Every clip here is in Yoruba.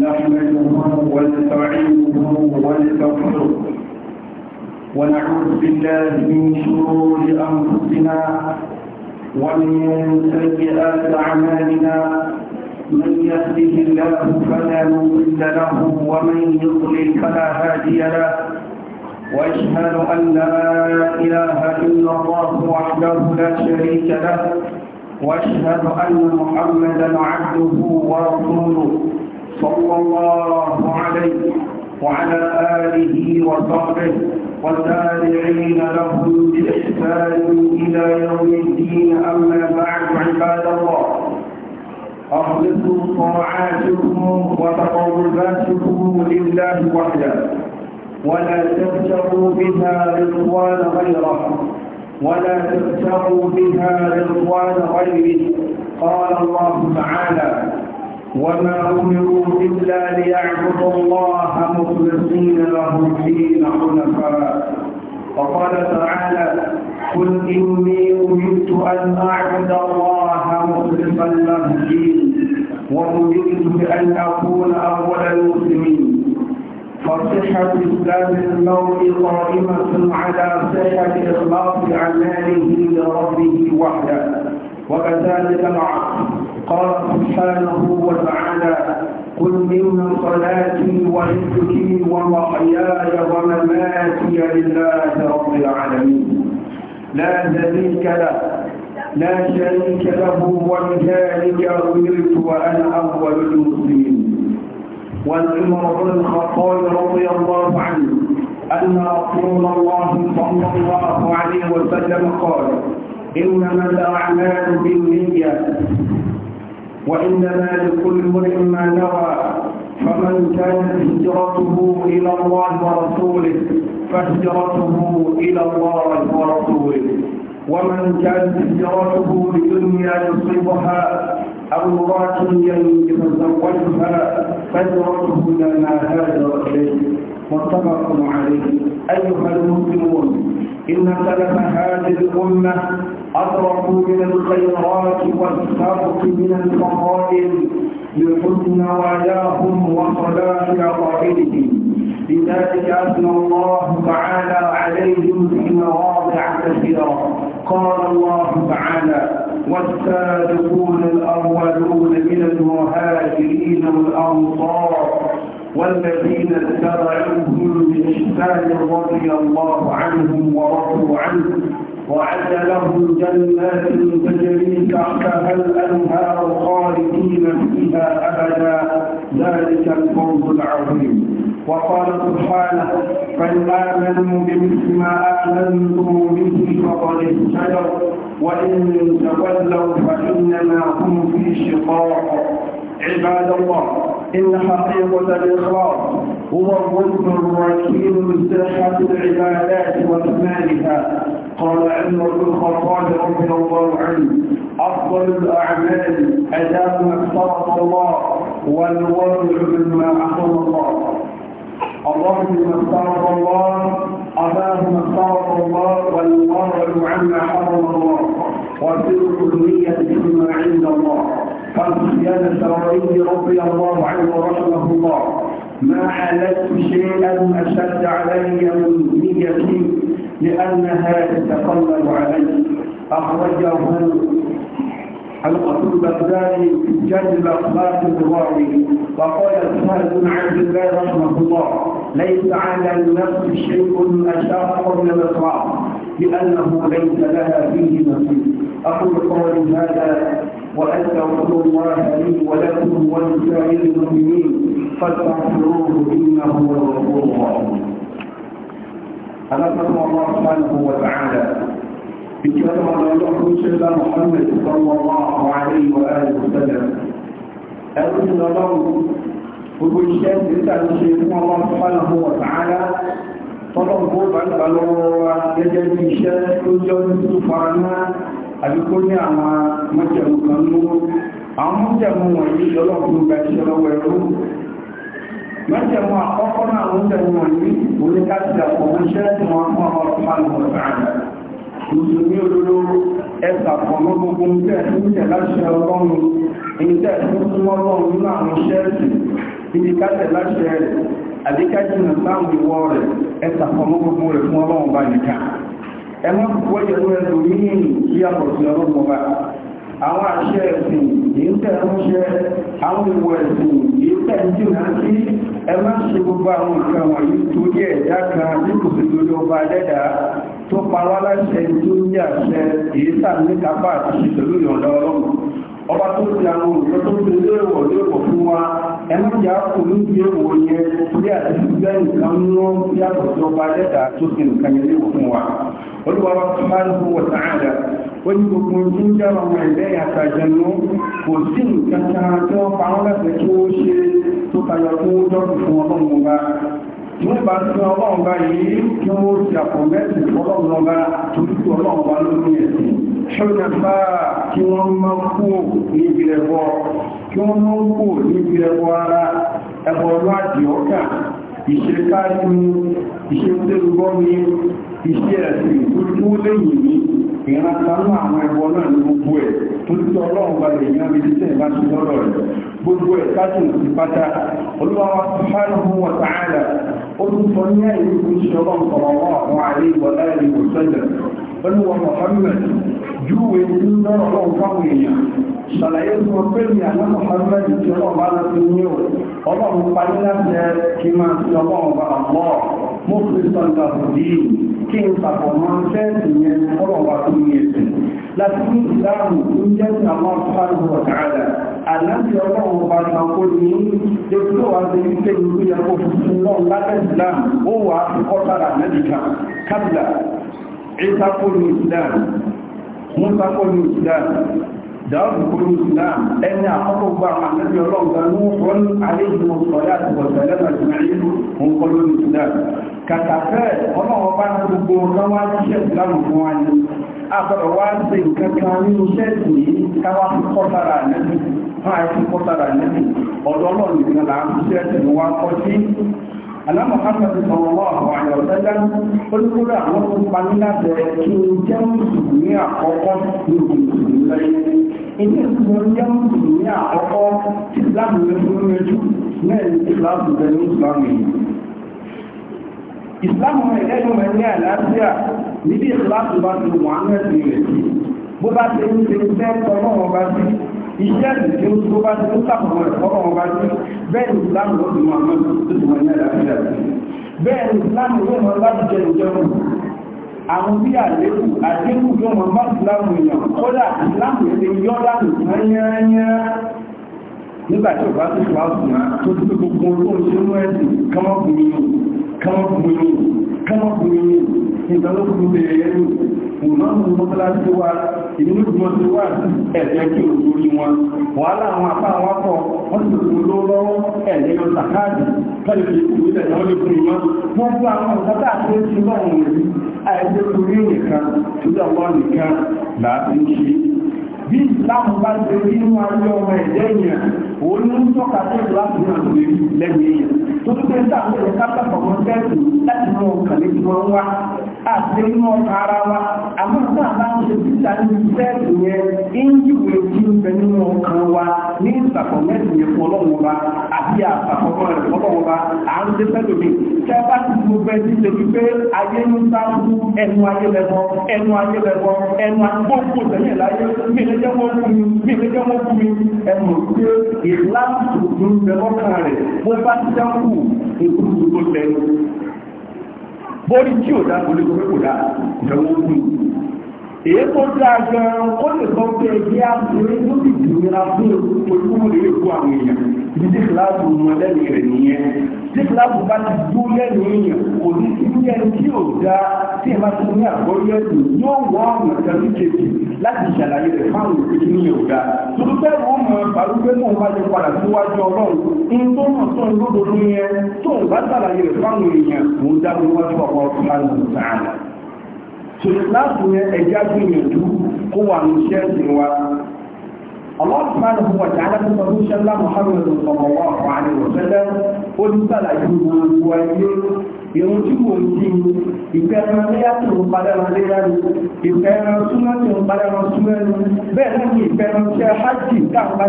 نحمده ونستعينه ونستغفره ونعوذ بالله من شرور انفسنا ومن سيئات اعمالنا من يهده الله فلا مضل له ومن يضلل فلا هادي له واشهد ان لا اله الا الله وحده لا شريك له واشهد ان محمدا عبده ورسوله صلى الله عليه وعلى آله وصحبه والتابعين له بإحسان إلى يوم الدين أما بعد عباد الله أخلصوا طاعاتكم وتقرباتكم لله وحده ولا تبتغوا بها رضوان غيره ولا تبتغوا بها رضوان غيره قال الله تعالى وما أمروا إلا ليعبدوا الله مخلصين له الدين حنفاء وقال تعالى قل إني أمرت أن أعبد الله مخلصا له الدين وأمرت بأن أكون أول المسلمين فصحة إسلام المرء قائمة على صحة إخلاص أعماله لربه وحده وكذلك العقل قال سبحانه وتعالى قل إن صلاتي ونسكي ومحياي ومماتي لله رب العالمين لا شريك له لا شريك له ولذلك أمرت وأنا أول المسلمين والعمر بن الخطاب رضي الله عنه أن رسول الله صلى الله عليه وسلم قال إنما الأعمال بالنية وإنما لكل امرئ ما نرى فمن كانت هجرته إلى الله ورسوله فهجرته إلى الله ورسوله ومن كانت هجرته لدنيا يصيبها أو مرات يتزوجها فهجرته إلى ما هاجر إليه متفق عليه أيها المسلمون إن سلف هذه الأمة أدركوا من الخيرات والسبق من الفضائل بحسن واياهم وصلاح أقاربهم لذلك أثنى الله تعالى عليهم في مواضع كثيرة قال الله تعالى والسابقون الأولون من المهاجرين والأنصار والذين اتبعوهم بإحسان رضي الله عنهم ورضوا عنه وعد لهم جنات تجري تحتها الأنهار خالدين فيها أبدا ذلك الفوز العظيم وقال سبحانه فإن آمنوا بمثل ما آمنتم به فقد اهتدوا وإن تولوا فإنما هم في شقاق عباد الله إن حقيقة الإخلاص هو الرد الوكيل لصحة العبادات وإكمالها قال عمر بن الخطاب رضي الله عنه أفضل الأعمال أداء ما اقترض الله والورع مما أحرم الله الله بما افترض الله ما افترض الله والورع عما حرم الله وفي النية بما عند الله قال سفيان الثوري رضي الله عنه ورحمه الله ما حلت شيئا أشد علي من نيتي لأنها تتقلب علي أخرجه القصر البغدادي جذب جلد الأخلاق الرضاوي وقال سهل بن عبد الله رحمه الله ليس على النفس شيء اشد من الاطراف لأنه ليس لها فيه نصيب أقول قولي هذا وأستغفر الله لي ولكم ولسائر المؤمنين فاستغفروه إنه هو الغفور الرحيم أنفسه الله سبحانه وتعالى بكلمة لا يحكم سيدنا محمد صلى الله عليه وآله وسلم أرسل له وبالشهد أنت الله سبحانه وتعالى tọ́lọ́gbó bàbá lọ́wọ́ wa gẹ́gẹ́ bí iṣẹ́ tó jọ tó fara náà àbí kó ní àwọn mọ́jẹ̀mù kan lówó àwọn mọ́jẹ̀mù wọ̀nyí lọ́lọ́gbó gba iṣẹ́ lọ́wọ́ ẹ̀rọ mọ́jẹ̀mù àkọ́kọ́ náà mọ́jẹ̀mù wọ̀nyí oníkàtì àpọ̀mọ́ṣẹ́ tí wọ́n fún ọmọ ọmọ ọmọ mùsùlùmí olóró ẹ̀sà pọ̀mọ́ gbogbo ń tẹ̀ ń tẹ̀ láṣẹ ọlọ́run ń àwọn ṣẹ́ẹ̀sì ibi ká tẹ̀ àdékájú nà sáwọn ìwọ rẹ̀ ẹ̀sà fọmọ́ gbogbo rẹ̀ fún ọlọ́run bá nìkan ẹ má kúkú ẹ̀yẹ ló ẹ̀dùn yìnyín bí àpọ̀tún ọlọ́run bá àwọn àṣẹ ẹ̀sìn yìí ń tẹ̀ ránṣẹ́ àwọn ìwọ ẹ̀sìn yìí tẹ̀ ń jìnà sí ẹ má ṣe gbogbo àwọn nǹkan wọ̀nyí ọba tó fi àwọn òṣìṣẹ́ tó fi léèwọ̀ léèwọ̀ fún wa ẹmọ́jà kò ní bí èwò yẹ orí àti ìgbẹ́ nǹkan ní ó yàtọ̀ sí ọba lẹ́dà tó fi nǹkan yẹ léèwọ̀ fún wa olùwàwà tó bá ní wọ̀ sàádà ó ní gbogbo tí ń jẹ́ ọmọ ẹ̀dẹ́ àtàjẹnú kò sí nǹkan kan tí wọ́n pa wọ́n láti kí ó ṣe tó tayọ fún ó dọ́kù fún ọlọ́run ọba ṣọ́nàfà kí wọ́n mọ́ kú níbi ẹbọ kí wọ́n mọ́ kú níbi ẹbọ ara ẹbọ láti ọkà ìṣẹ́ káàkiri ìṣẹ́ tẹ́lúgbọ́ ní iṣẹ́ ẹ̀sìn tó tó lẹ́yìn ní ìrànkanú àwọn ẹbọ náà ní gbogbo ẹ̀ tó tí ọlọ́run bá lè yán bíi tẹ́ bá ṣe lọ́rọ̀ rẹ̀ pẹ̀lú wọn Muhammad júwe ní lọ́rọ̀ lọ́wọ́ fáwọn èèyàn ṣàlàyé fún wọn pé ní àná Muhammad tí ọlọ́run bá láti ní o ọlọ́run parí láti ẹ kí máa ti ọlọ́run bá lọ́ mo fi sọ̀tà òdì kí n pàpọ̀ máa ń fẹ́ ìyẹn ọlọ́run bá tún jẹ́ àwọn fáwọn ọ̀tàrà àláti ọlọ́run bá ta ní ètò wa ti ń pè ní fún ọlọ́run lábẹ́ ìsìlámù ó wà á fi kọ́ sára Isa kọlu Islam, Musa kọlu Islam, Dáàbù kọlu Islam, ẹni àkọ́kọ́ gba àmì ọlọ́gbà ní wọ́n àlejò ọ̀dá àtìwọ̀sẹ̀lẹ́ àtìmáyé ń kọlu Islam. Kàtàfẹ́ ọlọ́wọ́ bá gbogbo ọ̀gá wá jíṣẹ́ Islam fún wa ní. Àbọ̀rọ̀ wá ń ṣe nǹkan kan nínú ṣẹ́ẹ̀tì yìí káwá fi kọ́ sára nẹ́bí. Fáà fi kọ́ sára àná Muhammad sallallahu alaihi wasallam olùkúrò àwọn tó parí láti rẹ̀ kí o jẹ́ mùsùlùmí àkọ́kọ́ ní mùsùlùmí lẹ́yìn ilé ìsúná jẹ́ mùsùlùmí àkọ́kọ́ tí ìsìláàmù rẹ̀ tó ń rẹjú náà ní ìsìláàmù rẹ̀ ní iṣẹ́ ìdíje ó tó bá ti tó sàkóso rẹ̀ fọ́rọ̀ wọn bá ti bẹ́ẹ̀ ní ìsìlámù ló dùn àwọn ọmọ tó dùn wọn ní àlàáfíà bẹ́ẹ̀ ní ìsìlámù ló wọn láti jẹ ìjọba àwọn bí àlékù àdínkù tó wọn bá ìsìlámù èèyàn kódà ìsìlámù èdè yọ́ láti yányányá nígbà tí ò bá tó wá sùn á tó tó gbogbo ohun tó ń ẹ̀sìn kọ́mọ́kùnrin kọ́mọ́kùnrin kọ́mọ́kùnrin ìmọ̀mù mọ́sálásí wa ìlú mọ́sí wa ẹ̀jẹ̀ kí o lórí wọn wàhálà àwọn apá wa pọ̀ wọ́n sì kú lọ́wọ́ ẹ̀jẹ̀ lọ sàkáàdì lọ́dún fi kú ilẹ̀ náà lè fún ìmọ̀ wọ́n fún àwọn ìsọ́tà tó ti lọ́wọ́ rẹ̀ àìsẹ́ torí nìkan tó dà wọ́n nìkan làá ń ṣe bí ìsìláàmù bá ṣe rí inú ayé ọmọ ẹ̀jẹ̀ yẹn òun ní ń tọ́ka sí ìsìláàmù náà lórí lẹ́nu yẹn tó tún pé ń dáhùn ẹ̀rọ kápẹ́ ọ̀gbọ́n tẹ́sì láti mú ọkàn ní tiwọn wá àti inú ọkàn ara wa àmọ́ náà bá ń ṣe títà ní tẹ́sì yẹn ń yíwèé tí ń bẹ nínú ọkàn wa ní ìsàkọ̀ mẹ́sì yẹn fún ọlọ́run wa àti àpapọ̀ rẹ̀ fún ọlọ́run wa à ń ṣe fẹ́lò mi tẹ́ bá ti mú bẹ́ẹ̀ ti ṣe wípé ayé ń sá fún ẹnu ayé lẹ́gbọ́n ẹnu ayé lẹ́gbọ́n ẹnu ayé gbọ́n kò tẹ̀lé láyé mí jẹ́ wọ́n fún mi bí ìfẹ́ jẹ́ wọ́n fún mi ẹnu pé ìlànà tuntun bẹ lọ́kàn rẹ̀ wọ́n bá ti dá kù ìkúrú tó lẹ́nu bọ́ọ̀lì tí ò dá olè tó kò dá ìjọba ó kú èyí tó dáa gan-an ó lè sọ pé ẹgbẹ́ àbúrò tó ti dùn nira fún olùkúrú lè kó àwọn èèyàn ìdíje láti mọ lẹ́nu rẹ̀ nìyẹn nígbà tó bá ti dúró lẹ́nu èèyàn kò ní sí ní ẹni tí ò dá tí ẹ máa tún ní àgbọ́yé ẹ̀dùn yóò wọ́n ọ̀nà tẹ̀lé kejì láti ṣàlàyé rẹ̀ fáwọn òkèjì ní ò dá. tuntun bẹ́ẹ̀ wọ́n mọ balùwé náà bá yẹ padà síwájú ọlọ́run ń tó mọ̀ tó ń lódo ní ẹ tó ń bá ṣàlàyé rẹ̀ fáwọn èèyàn mò ń dábò wájú ọ̀pọ̀ ọ̀tún Allah subhanahu wa ta'ala tó sọ fún ṣẹlá Muhammad sallallahu alaihi wa sallam ó ní sàlàyé gbogbo ayé ìrun tí kò sí ìfẹ́ ẹran léyà tó ń padà wọn léyà ni ìfẹ́ ẹran súnmọ́ tó ń padà wọn súnmọ́ ẹnu bẹ́ẹ̀ náà ni ìfẹ́ ẹran ṣe hajj káàpá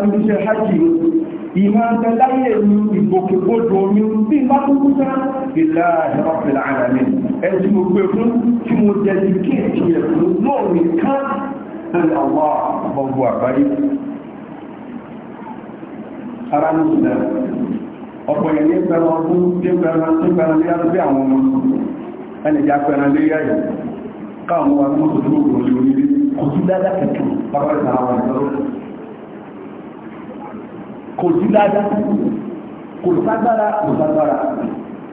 haramu sílẹ̀ ọ̀pọ̀ yẹn ní pẹ̀lú ọdún tí ó pẹ̀lú tí pẹ̀lú ní àdúgbé àwọn ọmọ ẹni ìjà pẹ̀lú lé yá yìí káwọn wa ní mọ́tò tó kò lè orí kò sí dáadáa kẹ̀kẹ́ bàbá ìta àwọn ìtọ́rọ kò sí dáadáa kò ságbára kò ságbára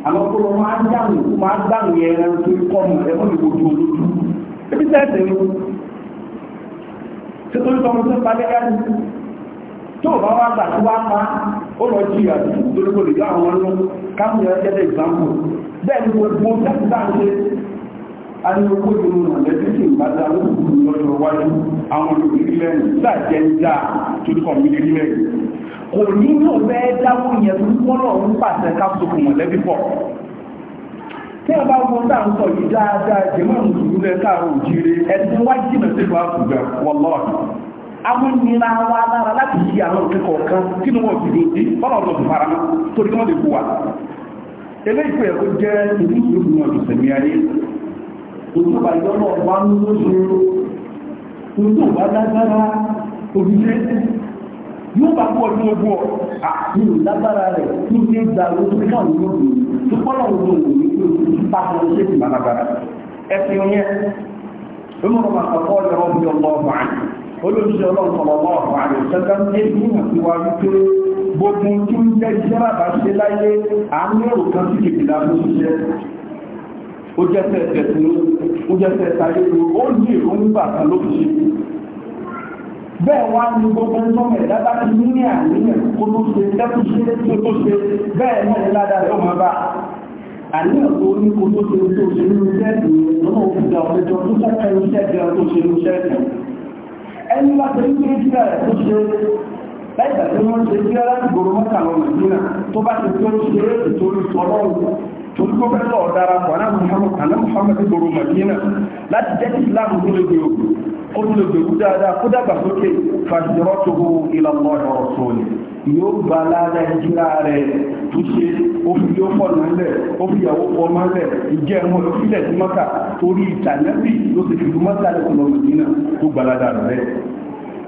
àwọn kó lọ máa ń dáhùn máa ń dáhùn yẹn ẹran tó kọ́ mọ̀ ẹ̀kọ́ ní gbogbo olójú ebi sẹ́ẹ̀sì ni tó bá wá gbà tó wá pa ó lọ jí àti ìdólógbò lè yọ àwọn ọlọ́ káàkiri ẹgbẹ́ ìgbàmù bẹ́ẹ̀ ni gbogbo dẹ́kítà ń ṣe ariwo dunu na lẹ́tìtì ìbáda ó kú lọ́jọ́ àwọn lẹ́nu ń dá lẹ́nu kò yẹn tó ń pàṣẹ mọ̀lẹ́bí pọ̀ tí a bá wọn náà ń amúnira wa lára láti yí àwọn òkè kọ̀ọ̀kan kí ni wọ́n ti lè dé bọ́lá ọ̀dọ̀ tó fara mọ́ torí kí wọ́n lè kó wa eléyìí ẹ̀kọ́ jẹ́ ìlú ìlú wọn ti sẹ̀mí ayé òtún bá ìjọ náà wá ń lóṣù òtún bá lágbára òṣìṣẹ́ yóò bá bọ́ ọdún ogún ọ̀ àti ìlágbára rẹ̀ tó ní gba lóṣù káwọn olóògùn tó bọ́lá ọdún ògùn ní pé oṣù tó bá wọn ṣe ìmọ̀ lágbára ẹ̀sìn yẹn ó mọ̀ olóṣèlú ọlọ́pọ̀lọpọ̀ àwọn àrẹ̀sẹ́ta ń dé ní àtiwá wípé gbogbo tí ń jẹ́ iṣẹ́ bàbá ṣe láyé àmì ẹ̀rù kan sí kìkìlá ló ṣiṣẹ́ ó jẹ́ fẹ́ tẹ̀sùn ó jẹ́ fẹ́ tayé ló ó ní ìrònúgbà kan ló fi ṣe bẹ́ẹ̀ wá ní gbogbo ọmọ ẹ̀dá bá ti ní ní àníyàn kó tó ṣe tẹ́kù ṣe tó tó ṣe bẹ́ẹ̀ náà ní ládàá rẹ̀ ó máa tó ṣe tó ṣe ní iṣẹ́ lọ́nà òfin ìjà tó ṣẹ́kẹ́ iṣẹ́ tó ṣe ní iṣẹ́ ẹni bá tẹ̀lé kí kíra rẹ̀ tó ṣe lẹ́yìn tí wọ́n ṣe kíra láti gbòòrò mọ́ta lọ nàìjíríà tó bá ti tó ṣe é torí tọ́lọ́rùn torí kó fẹ́ lọ́ọ̀ dára pọ̀ náà muhammad àná muhammad gbòòrò màdínà láti jẹ́ kí islam yóò gba aláàdá ìjírá rẹ̀ tó ṣe ó fi yóò pọ̀ nílẹ̀ ó fi ìyàwó pọ̀ mọ́lẹ̀ ìjẹ́ ẹmọ ìfilẹ̀ sí mọ́ta torí ìtànẹ́bì ló ti fi mọ́ta lẹ́kọ̀ọ́ mẹ́dínà tó gba aláàdá rẹ̀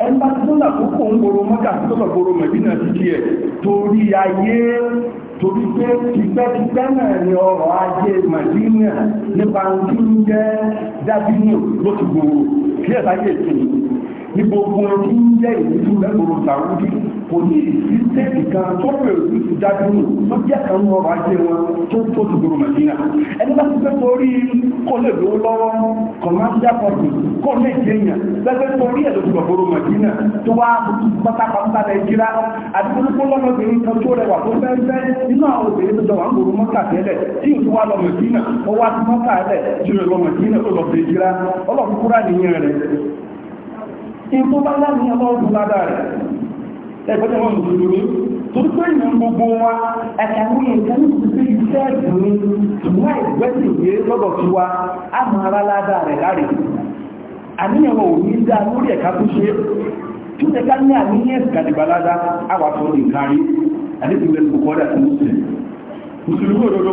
ẹgbà tó làkókò ń gboro mọ́ta tó lọ gboro mẹ́dínà ti tiẹ̀ torí ayé torí pé tipẹ́tipẹ́ náà ni ọrọ̀ ajé mẹ́dínà nípa ohun tí ń jẹ́ dábínú ló ti gbòòrò kí ẹ̀ ní gbogbo tí ń jẹ́ ìlú lẹ́gbọ̀rọ̀ sàwúdí kò ní ìsí tẹ́kì kan tó bẹ̀rẹ̀ sí ti dájú nù tó jẹ́ kan ní ọrọ̀ ajé wọn tó tó ti gbòrò màdínà ẹni bá ti fẹ́ torí kó lè lówó lọ́wọ́ kọ̀máṣíà pọ̀tù kó lè jẹyàn lẹ́gbẹ́ torí ẹ̀ ló ti gbòrò màdínà tó wá pátápátá nàìjíríà àdúgbò lọ́mọbìnrin kan tó rẹwà tó fẹ́ fẹ́ nínú àwọn obìnrin tó dọ̀wà ń gbòrò mọ́kà tẹ́lẹ̀ tí in tó bá láàrin ọlọ́run ládà rẹ̀ ẹgbẹ́jọ́ wọn lùdúrú torí pé ìyàn gbogbo wa àtàwọn èèyàn ní ìgbésí iṣẹ́ ìdùnnú ìwà ìgbẹ́sì ìwé lọ́dọ̀ tí wa á máa rá ládà rẹ̀ láre àníyàn wọn ò ní dá lórí ẹ̀ka tó ṣe tó ṣe ká ní àníyàn ìgbàdìgbà ládà àwàtò nìkan rí àdébìnrin kòkòrò àti mùsùlùmí mùsùlùmí òdodo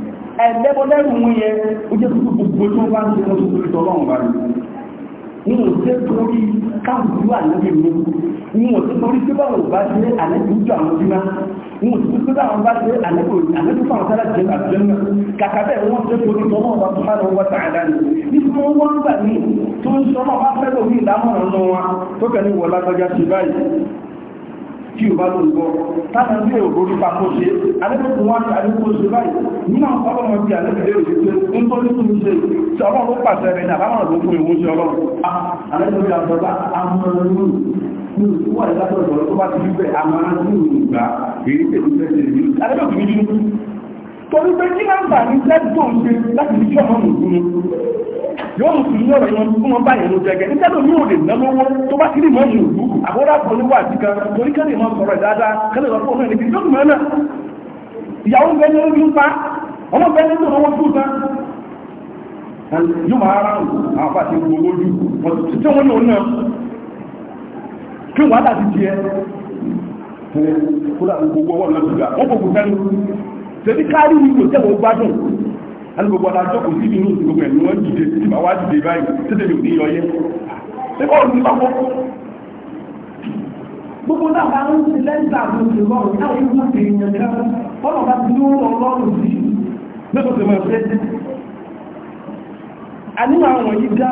ẹ̀ẹ́dẹ́gbọ́dẹ́rù mú yẹ ó jẹ́ tuntun gbogbo tó bá ń ṣe wọ́n tuntun ìtọ́ ọlọ́run bá rẹ̀ ní wọ́n tẹ́ torí káàkiri àlẹ́bí mi ní wọ́n tẹ́ torí tí báwọn bá ṣe àlẹ́bí ojú àwọn bí máa ní wọ́n tẹ́ tí báwọn bá ṣe àlẹ́bí àlẹ́bí fáwọn sára jẹ́ àbíjẹ́ náà kàkà bẹ́ẹ̀ wọ́n tẹ́ torí tọ́mọ́ wa tó hánà wọ́n tààdá ni nítorí wọ́n wọ́n gbà ní tó ń sọmọ́ bá fẹ́ lórí ìdámọ̀ràn náà wa tó kẹ́ ní tí ò bá ló gbọ́ táwọn ilé ògbórí papọ̀ ṣe alẹ́kùnkùn wá ní alẹ́kùn ṣe báyìí nínú àwọn ọlọ́run bí alẹ́kùnlé òṣè pé ń tó ní ṣe tí ọlọ́run ló pàṣẹ rẹ̀ ní àbámọ̀ ló fún ìwúṣẹ́ ọlọ́run torí pé kí náà bà ní sẹ́dùn ṣe láti fi ṣọ́nà nìkúni yóò mú sùn lọ́rọ̀ yẹn fún wọn báyìí ló jẹ́gẹ́ ní sẹ́dùn yóò lè ná lówó tó bá kiri mọ́ ìlú àbúrò àpọ̀lẹ́wà àti kan torí kẹ́lẹ̀ mọ́ sọ̀rọ̀ dáadáa kẹ́lẹ̀ lọ fún ọ̀nà ìdíjọ́ tó mọ́ náà ìyàwó ń bẹ ní orí ń pa ọmọ bẹ ní ìlú wọn tó tán yóò máa rán àwọn afá ti gbogbo ojú tí wọ́n lò náà kí wọ́n á dà tẹ̀bí kárí ní kò tẹ́wọ̀ gbádùn alùpùpù adájọ́ kò sí ìdúró sí gbogbo ẹ̀mí wọ́n dìde tí bá wá dìde báyìí tẹ́tẹ́ mi ò ní yọyẹ́ ṣé kọ́ ọ̀rùn nípa kọ́kọ́ gbogbo náà bá ń ti lẹ́ńtà àbòsí lọ́rùn náà yóò mú èèyàn kan ọ̀nà bá ti dúró ọlọ́run sí lẹ́kọ̀ọ́ tó máa fẹ́ àníwọ̀ àwọn yìí dá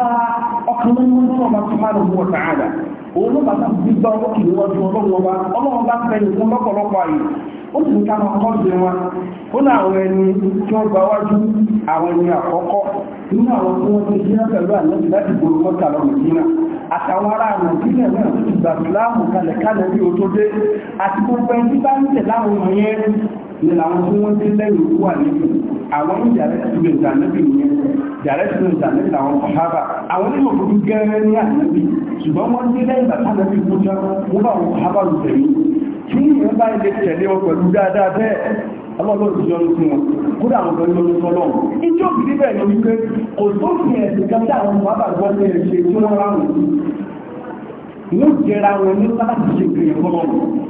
ọkàn mọ́ òun ló bàtà bí gbá ọlọ́kì níwájú ọlọ́run ọba ọlọ́run bá fẹ́ nìkan lọ́pọ̀lọpọ̀ àyè ó sì ń ká wọn kọ́ sí wọn ó ní àwọn ẹni tí wọ́n gba wájú àwọn ẹni àkọ́kọ́ nínú àwọn tí wọ́n ti jíná pẹ̀lú àlẹ́bí láti gbòòrò mọ́ta lọ nàìjíríà àtàwọn ará nàìjíríà náà ti gbà láàmù kalẹ̀ kalẹ̀ bí o tó dé àti gbogbo ẹni tí bá ń tẹ̀ láwọn ọmọ yẹn ni làwọn tí wọ́n ti lẹ́yìn òkú àlejò àwọn direct students ànábì yẹn direct students ànábì làwọn sàhábà àwọn onímọ̀ òkúrú gẹ́rẹ́ ní ànábì ṣùgbọ́n wọ́n dé lẹ́yìn bàtà ànábì kú jẹ́ wọ́n bá àwọn sàhábà lù tẹ̀lé kí ìyẹn bá ilé tẹ̀lé wọn pẹ̀lú dáadáa bẹ́ẹ̀ ọlọ́lọ́dún yọ ní wọn kódà àwọn ọ̀dọ́ yọ ní sọ́lọ́run ìjọ òbí bẹ́ẹ̀ ni wípé kò tó fi ẹ̀sìn kan tí àwọn bàbá gbọ́ ní ẹ̀ṣẹ̀ tí wọ́n ráhùn ní jẹra wọn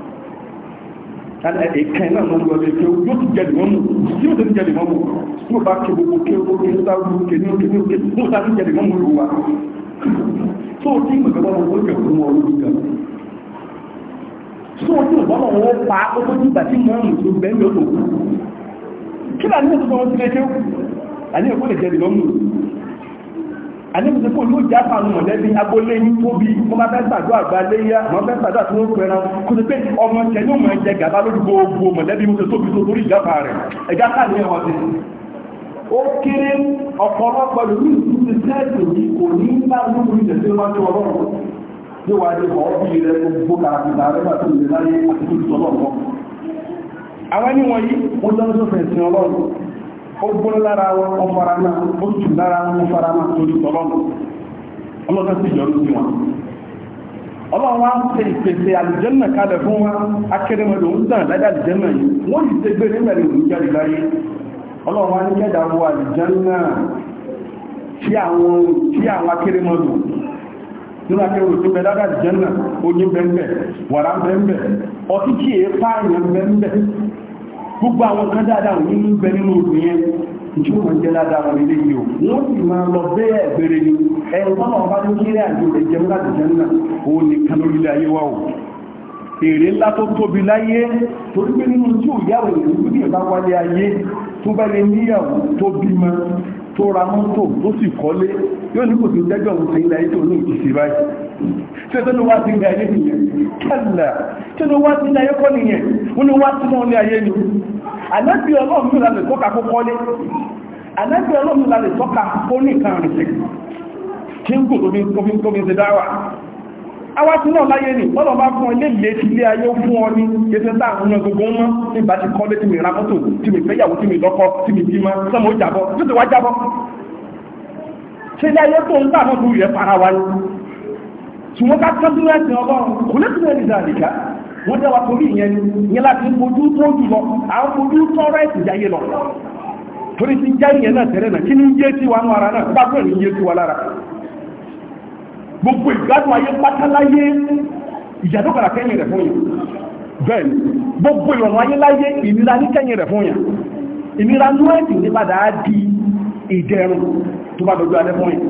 ẹ̀kan náà ló ń lọ lẹ́kẹ́ yóò ti jẹ́ lèmọ́mù yóò ti jẹ́ lèmọ́mù tí ó bá ké gbogbo ké ó ké ó sáwú ké ní òkè ní òkè ó sá ti jẹ́ lèmọ́mù ló wà tó o ti mọ̀ gbọ́dọ̀ wọn ó jẹ̀ fún wọn lórí gan tó o ti mọ̀ gbọ́dọ̀ wọn ó pa ó tó ti gbà tí mọ́ ọ̀nà tó bẹ́ẹ̀ lọ́tò kí làní ẹ̀ tó sọ wọn ti lẹ́kẹ́ àní ẹ̀kọ́ lè jẹ́ lèmọ́mù àníbùsí kò ní òjá fún àwọn mọ̀lẹ́bí agbólé ní tóbi wọ́n máa fẹ́ sàdó àgbà léyà wọ́n fẹ́ sàdó àti wọ́n pẹ̀rẹ̀ kò sí pé ọmọ ìṣẹ́ ní òun ẹ̀jẹ̀ gàba lórí gbogbo mọ̀lẹ́bí mú tóbi tó torí ìjọba rẹ̀ ẹ̀já káàní ẹ̀wọ̀n ti ó kéré ọ̀pọ̀lọpọ̀ lórí ìtúsí sẹ́ẹ̀tì yìí kò ní bá lórí ìtẹ̀sí wọn tó ọlọ́run yóò wá dé bọ̀ ọ́bí rẹ gbogbo kàràkìtà rẹ bá tó lè láyé àti tó ti tọ́lọ́run àwọn ẹni ó gbọ́n lára wọn ó fara náà ó jù lára wọn ó fara náà torí tọ́lọ́nù ọlọ́dún sì yọrù sí wọn ọlọ́run wa ń ṣe ìpèsè àlùjẹ́nà kalẹ̀ fún wa akérèmọdé ń tàn láyé àlùjẹ́nà yìí wọ́n yìí ṣe gbé nígbà ní òun jáde láyé ọlọ́run wa ní kẹ́dà wo àlùjẹ́nà tí àwọn tí àwọn akérèmọdé nínú akérèmọdé tó bẹ lára àlùjẹ́nà oyin bẹ́ńbẹ́ wàrà bẹ́ńbẹ́ ọtí kí èé pààyàn bẹ́ńbẹ́ gbogbo àwọn kan dáadáa òní ń bẹ nínú odò yẹn ìjú wọn jẹ́ dáadáa wọn ilé yìí o wọ́n sì máa lọ bẹ́ẹ̀ gbére ni ẹ̀rù bọ́lá ọba ló kéré àjò rẹ̀ jẹun láti jẹun náà òun nìkan lórílẹ̀ ayé wa o èrè ńlá tó tóbi láyé torí pé nínú tí ò yáwó ìlú bí ìbá wálé ayé tó bá lè níyàwó tó bímọ tó ra mọ́tò tó sì kọ́lé yóò ní kò sí jẹ́jọ́ òun sẹ́yìn láyé tó ní ìtìsí báyìí tí ó wá sí ilé ayé nìyẹn kẹ́lá tí wá sí ilé ayé kọ́ nìyẹn ó ní wá sí ilé ayé ni ànábì ọlọ́run nílà lè tọ́ka kó kọ́lé ànábì ọlọ́run nílà lè tọ́ka kó ní nǹkan rìn sí kí ń gùn tóbi ṣe dáwà awá tí náà láyé nì ọlọ́ bá fún ilé ilé ti ilé ayé fún ọ ní ẹsẹ̀ tá àwọn gbogbo ń mọ́ nígbà tí kọ́lé tí mi ra mọ́tò tí mi fẹ́yàwó tí mi lọ́kọ tí mi bímọ sọ́mọ ó jàbọ́ tó ti wá jábọ́ ṣe ilé ayé tó ń gbà mọ́tò rẹ̀ fara wa ni ṣùgbọ́n ká tọ́jú ẹ̀sìn ọlọ́run kò lẹ́sìn ẹ̀rìndà nìkan wọ́n jẹ́ wa torí ìyẹn yẹn láti mojú tó jùlọ à ń mojú tọ́rọ ẹ̀sìn jáyé lọ torí ti já ìyẹn náà tẹ̀lé náà kí ni yé tiwa nù ara náà bá pẹ̀lú yé tiwa lára gbogbo ìgbádùn ayé pátáláyé ìjàdókàrà kẹ́yìn rẹ̀ fún yẹn bẹ́ẹ̀ ni gbogbo ìrọ̀rùn ayé láyé ìnira ní kẹ́yìn rẹ̀ fún yẹn ìnira nú ẹ̀sìn ní padà á di ìdẹ̀rùn tó bá dojú alẹ́ fún yẹn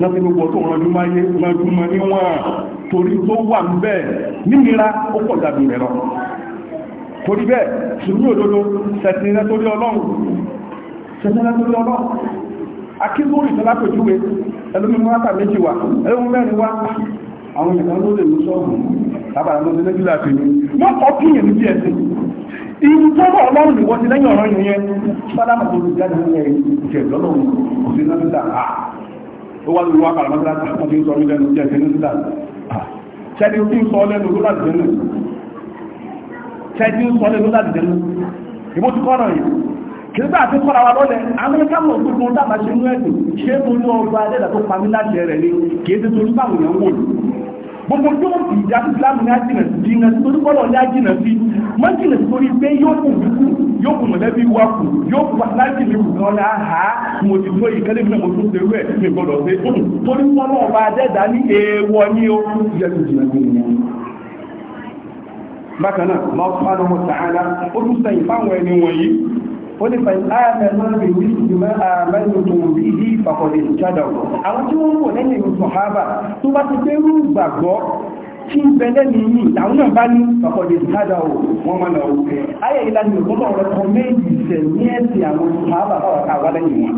lọ́sí gbogbo ọ̀tún ọ̀rọ̀ ọdún máa yé máa dún máa níwọ̀n torí tó wà ń bẹ́ẹ̀ ó pọ̀ dàbí rẹ̀ lọ torí bẹ́ẹ̀ sùúrù òdodo sẹ̀tìnrẹ́ torí ọlọ́run sẹ̀tìnrẹ́ torí ọlọ́run akíkúrì tọ́lápẹ̀júwe ẹlómi mọ́ta méjì wà mẹ́rin wá àwọn ló lè wọ́n kọ́ níbi ẹ̀sìn ìlú tó bọ̀ ọlọ́run tẹ́ni tí ń sọ lẹ́nu ló láti dẹ̀nu tẹ́ni ń sọ lẹ́nu láti dẹ̀nu ìbò ti kọ́nà yìí kìí bá àti kọ́ra lọ́lẹ̀ amẹ́ríkà mọ̀ gbogbo tó ń fi ìjà islam ní àjìnà sí jìnà sí torí bọ́lọ̀ ní àjìnà sí má jìnà sí torí pé yóò kù kú yóò kù mọ̀lẹ́bí wa kù yóò kù aláàjì mi kù kan ní àhá mo ti tó ìkẹ́lẹ́ mi mo tún ṣe rẹ̀ mi gbọ́dọ̀ ṣe tó torí bọ́lọ̀ ọba adẹ́dá ní èèwọ̀ ní o yẹ kù jìnà sí nìyẹn. bákan náà lọ́sùn ó ní fàyí ààbẹ̀ máa bè ní ìgbìmọ̀ àmẹ́lò tó ń bí i fàkọ̀dé ìjádà àwọn tí wọ́n wò lẹ́yìn sọ̀hábà tó bá ti pé rú gbàgbọ́ tí ń bẹ lẹ́nu yìí làwọn náà bá ní fàkọ̀dé ìjádà ò wọ́n máa lọ wọ́n ayé ìlànà ìgbọ́nà ọ̀rọ̀ kan méjì ìṣẹ̀ ní ẹ̀sìn àwọn sọ̀hábà àwọn lẹ́yìn wọn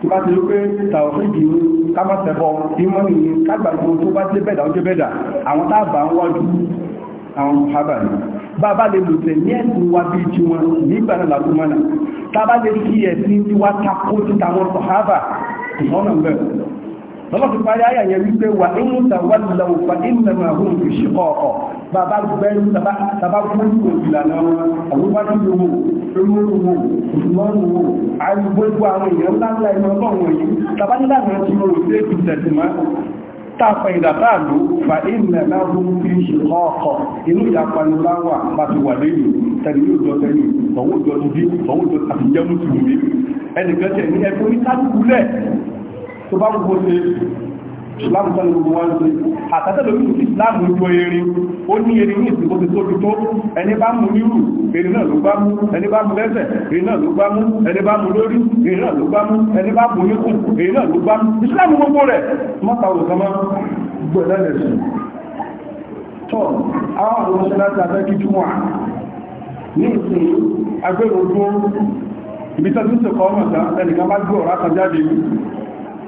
tó bá ti ló pé tàwọ̀fíìdì ní kámọ́sẹ̀bọ̀ ìmọ̀nì ní kágbàgbọ́ tó bá jẹ́ bẹ́ẹ̀dà ó jẹ́ bẹ́ẹ̀dà àwọn táàbà ń wájú àwọn sọ̀hábà ni bàbá lè lò tẹ̀ ní ẹ̀sùn wa bí ti wọn nígbà náà làbúmọ́nà tàbá lè fi ẹ̀sìn tí wá takó ti tàwọn sọ̀hábà ìmọ́nà mẹ́rin lọ́lọ́ fi parí ayà yẹn wípé wà inú tàwọn lọ́wọ́ fa ìmẹ̀mà ọ̀hún fi ṣe ọ̀ọ̀ bàbá gbẹ́rú tàbá fún ìlànà àwọ́bájúwò olóòwò ìmọ̀wò àrùgbogbo àwọn èèyàn ńláńlá ìmọ̀ ọlọ́wọ̀ yìí tàbá nílànà tí mo rò sí èkìtẹ̀sìmá tàfà ìdàtà ló fa ìmẹ̀ láàrùn fi ń ṣe ọkọ̀ inú ìyàpanu láwà láti wà lẹ́yìn tẹ̀lé yóò jọ tẹ̀lé ọwọ́ jọ ti dé ọwọ́ jọ àti jẹ́ mùsùlùmí ẹnìkan tẹ̀ ẹgbẹ́ orí lẹ̀ tó bá gbogbo ṣe ìsìláàmù sọ́nà gbogbo wọn ṣe àtàtẹ́lò ní ìsìláàmù ló erin ó ní erin ní ìsìnkó ti tóbi tó ẹni bá mú nírù erin náà ló gbá mú ẹni bá mú lẹ́sẹ̀ erin náà ló gbá mú ẹni bá mú lórí erin náà ló gbá mú ẹni bá mú níkùn erin náà ló gbá mú ìsìláàmù gbogbo rẹ̀ mọ́ta òsànmọ́ gbẹ̀lẹ́lẹ̀ sí tọ́ àwọn àwọn ọmọ láti abẹ́ kíkú wà ní ìsìn agbẹ́rògbó ibi tó ti sọ̀kọ́ ọmọ ìta ẹnìkan bá gbọ́ ọ̀rá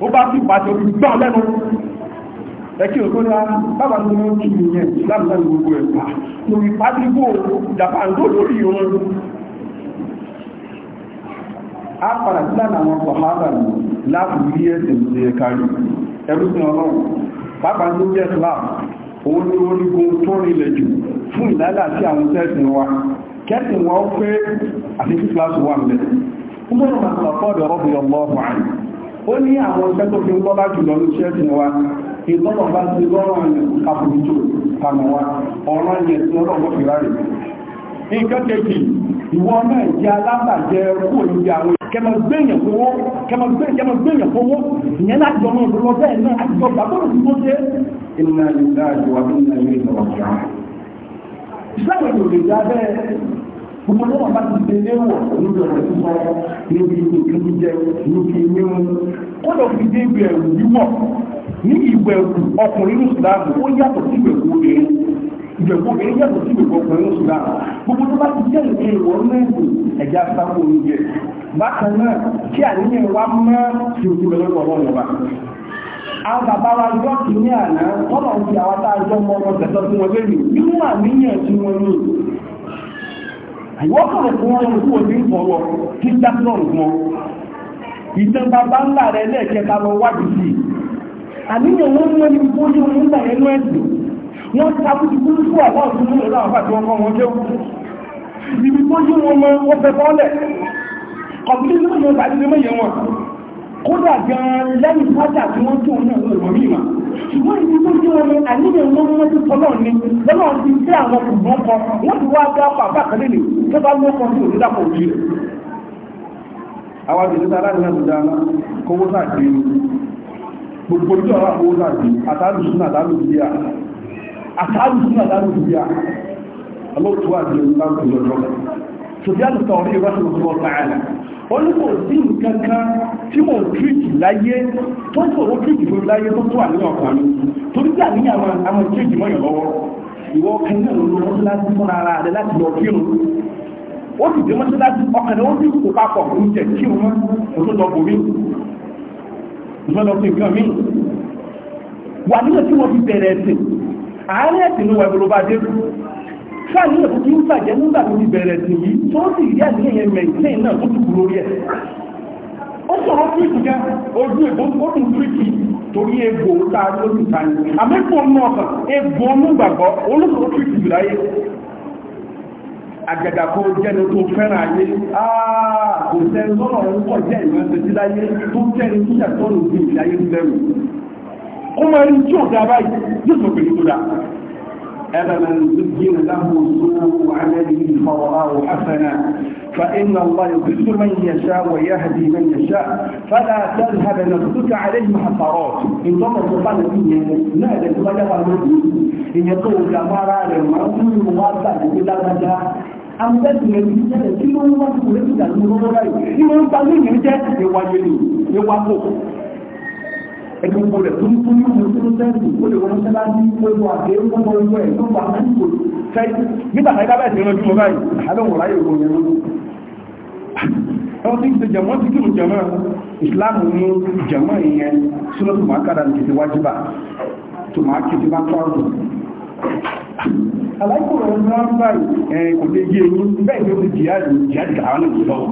ó bá sì pàṣẹ orí gbọ́ lẹ́nu ẹkí kí ìyẹn láàrín gbogbo lórí japan tó lórí a padà àwọn rí kárí ọlọ́run jẹ́ òun ni orígun tó rinlẹ̀ jù fún ìlàlá sí àwọn wa kẹ́sìn pé àti ó ní àwọn iṣẹ́ tó fi ń lọ́lá jùlọ ní iṣẹ́ ìsìn wa ìtọ́lọ̀ bá ti lọ́rọ̀ àpòjò àmọ̀ wa ọ̀rọ̀ yẹn tí ọlọ́run ló fi ráre nǹkan kejì ìwọ náà jẹ́ alábàjẹ́ kúrò níbi àwọn kẹmọ gbẹ̀yàn fowó kẹmọ gbẹ̀yàn fowó ìyẹn láti ọmọ ìdúró bẹ́ẹ̀ náà àti ọgbà gbọ́dọ̀ tí gbogbo ní wọn bá ti ṣe ilé wọ níbi ọ̀rọ̀ sísọ níbi ìlú jẹ níbi mímu ó lọ fi dé ibi ẹ̀rù wíwọ̀ ní ìwẹ̀rù ọkùnrin ní sùdáàbù ó yàtọ̀ sí ìwẹ̀rù obìnrin ìjọba obìnrin yàtọ̀ sí ìwẹ̀rù ọkùnrin ní sùdáàbù gbogbo tó bá ti jẹ́ ìwé ìwọ̀ mẹ́rin ẹ̀já sáfù oúnjẹ bákan náà kí àníyàn wa mọ́ sí ojú rẹ̀ lọ́wọ́ ọ̀nà àwọn bàbá wa gbọ́ kì ní àná tọ́lọ̀ ń fi àwọn tá a jọ mọ́ ọmọ tẹ̀sán fún wọn lẹ́yìn nínú àníyàn tí wọ́n ní ìwọ́kọ̀rọ̀ fún wọn lórí wọn ní ọ̀rọ̀ kí dákọ̀rọ̀ wọn ìjọba bá ń láàrẹ lẹ́ẹ̀kẹta lọ wádìí sí àníyàn wọn mọ́ ní gbogbo ní wọn ń gbà ẹnu ẹ̀sìn wọn sábúdú kúrú fún àwọn ọ̀tún mú lọ́wọ́ àpàtì wọn kọ́ wọn jẹ́ ibi tó yí wọn mọ́ wọn fẹ́ bọ́ọ̀lẹ̀ kọ̀m̀pútà ní wọn yóò bá kódà gan-an lẹ́yìn pátá tí wọ́n tún náà lọ ìwọ̀n mímọ́ ṣùgbọ́n ìdí tó jẹ́ omi àníyàn ló ń mọ́tò tọ́lọ́ ni lọ́nà ti fẹ́ àwọn ṣùgbọ́n kan wọ́n ti wá bá bàbá kan lè tó bá mọ́ kan tó ò ní dàpọ̀ òbí rẹ̀. àwọn àjèjì tá a láti náà ti dáná kówó náà dé ní gbogbo ojú ọ̀rọ̀ àkówó náà dé àtàlù sún àtàlù bíi à àtàlù sún àtàlù bíi à ọlọ́tù wà ó sí nǹkan tí mò ń tírìkì láyé tó ń sọ̀rọ̀ tírìkì fún láyé tó tó àníyàn kan ni torí tí àníyàn àwọn àwọn tírìkì mọ́yàn ìwọ ọkàn náà ló lọ́wọ́ láti fún láti lọ kírun ó lọ bòmí sáàní ẹ̀kú tí ń fàjẹ́ nígbà tó ti bẹ̀rẹ̀ sí yìí tó sì rí àdíyẹ yẹn mẹ̀tẹ́ẹ̀ náà tó dùkú lórí ẹ̀ ó sọ̀rọ̀ fíìkì gan ojú ègbò ó tún fíìkì torí egbò ta lórí ìtàn àmẹ́kọ̀ọ́ mú ọkàn egbò mú gbàgbọ́ olóṣòro fíìkì jù láyé àgàgà kó jẹ́ni tó fẹ́ràn ayé kò sẹ́ni lọ́nà òun kọ̀ jẹ́ ìrántí sí láyé tó jẹ́ni tó yàtọ̀ lòdì ìláyé ń bẹ̀rù ó máa ń tí ò dá báyìí yóò sọ tó dáa أفمن زين له سوء عمله فرآه حسنا فإن الله يضل من يشاء ويهدي من يشاء فلا تذهب نفسك عليهم حسرات إن ضم السلطان الدين نادى الولد والمسلم إن يقول كفارة للمرسول مواصلة إلى مدى àwọn ẹgbẹ́ ìgbẹ́ ìjẹ́ tí wọ́n wá sí ìgbẹ́ لك ìjẹ́ ìjẹ́ ìjẹ́ ìjẹ́ ìjẹ́ ẹgbẹ́gbọ́ rẹ̀ tó ń tún ní ọdún tó tẹ́lù ó lè wọ́n tẹ́lá ní gbogbo àgbé gbogbo ọgbọ́ ẹ̀ tó wà ní ìwò tẹ́lù nígbà tẹ́lá bẹ́ẹ̀ tẹ́lá ojú ọba yìí àdọ́wọ̀ láyé òun yẹn lọ́dún ẹwọ́n tí ìṣe jẹ̀mọ́ ti kírun jẹ̀mọ́ ìsìláàmù ní jẹ̀mọ́ ìyẹn sínú tó máa kára nìkìtì wájúbà tó máa kìtì bá tọ́ọ̀dù aláìkòrò ọ̀rọ̀ náà ti jìyà jìyà jìyà àwọn ìlọ́wọ́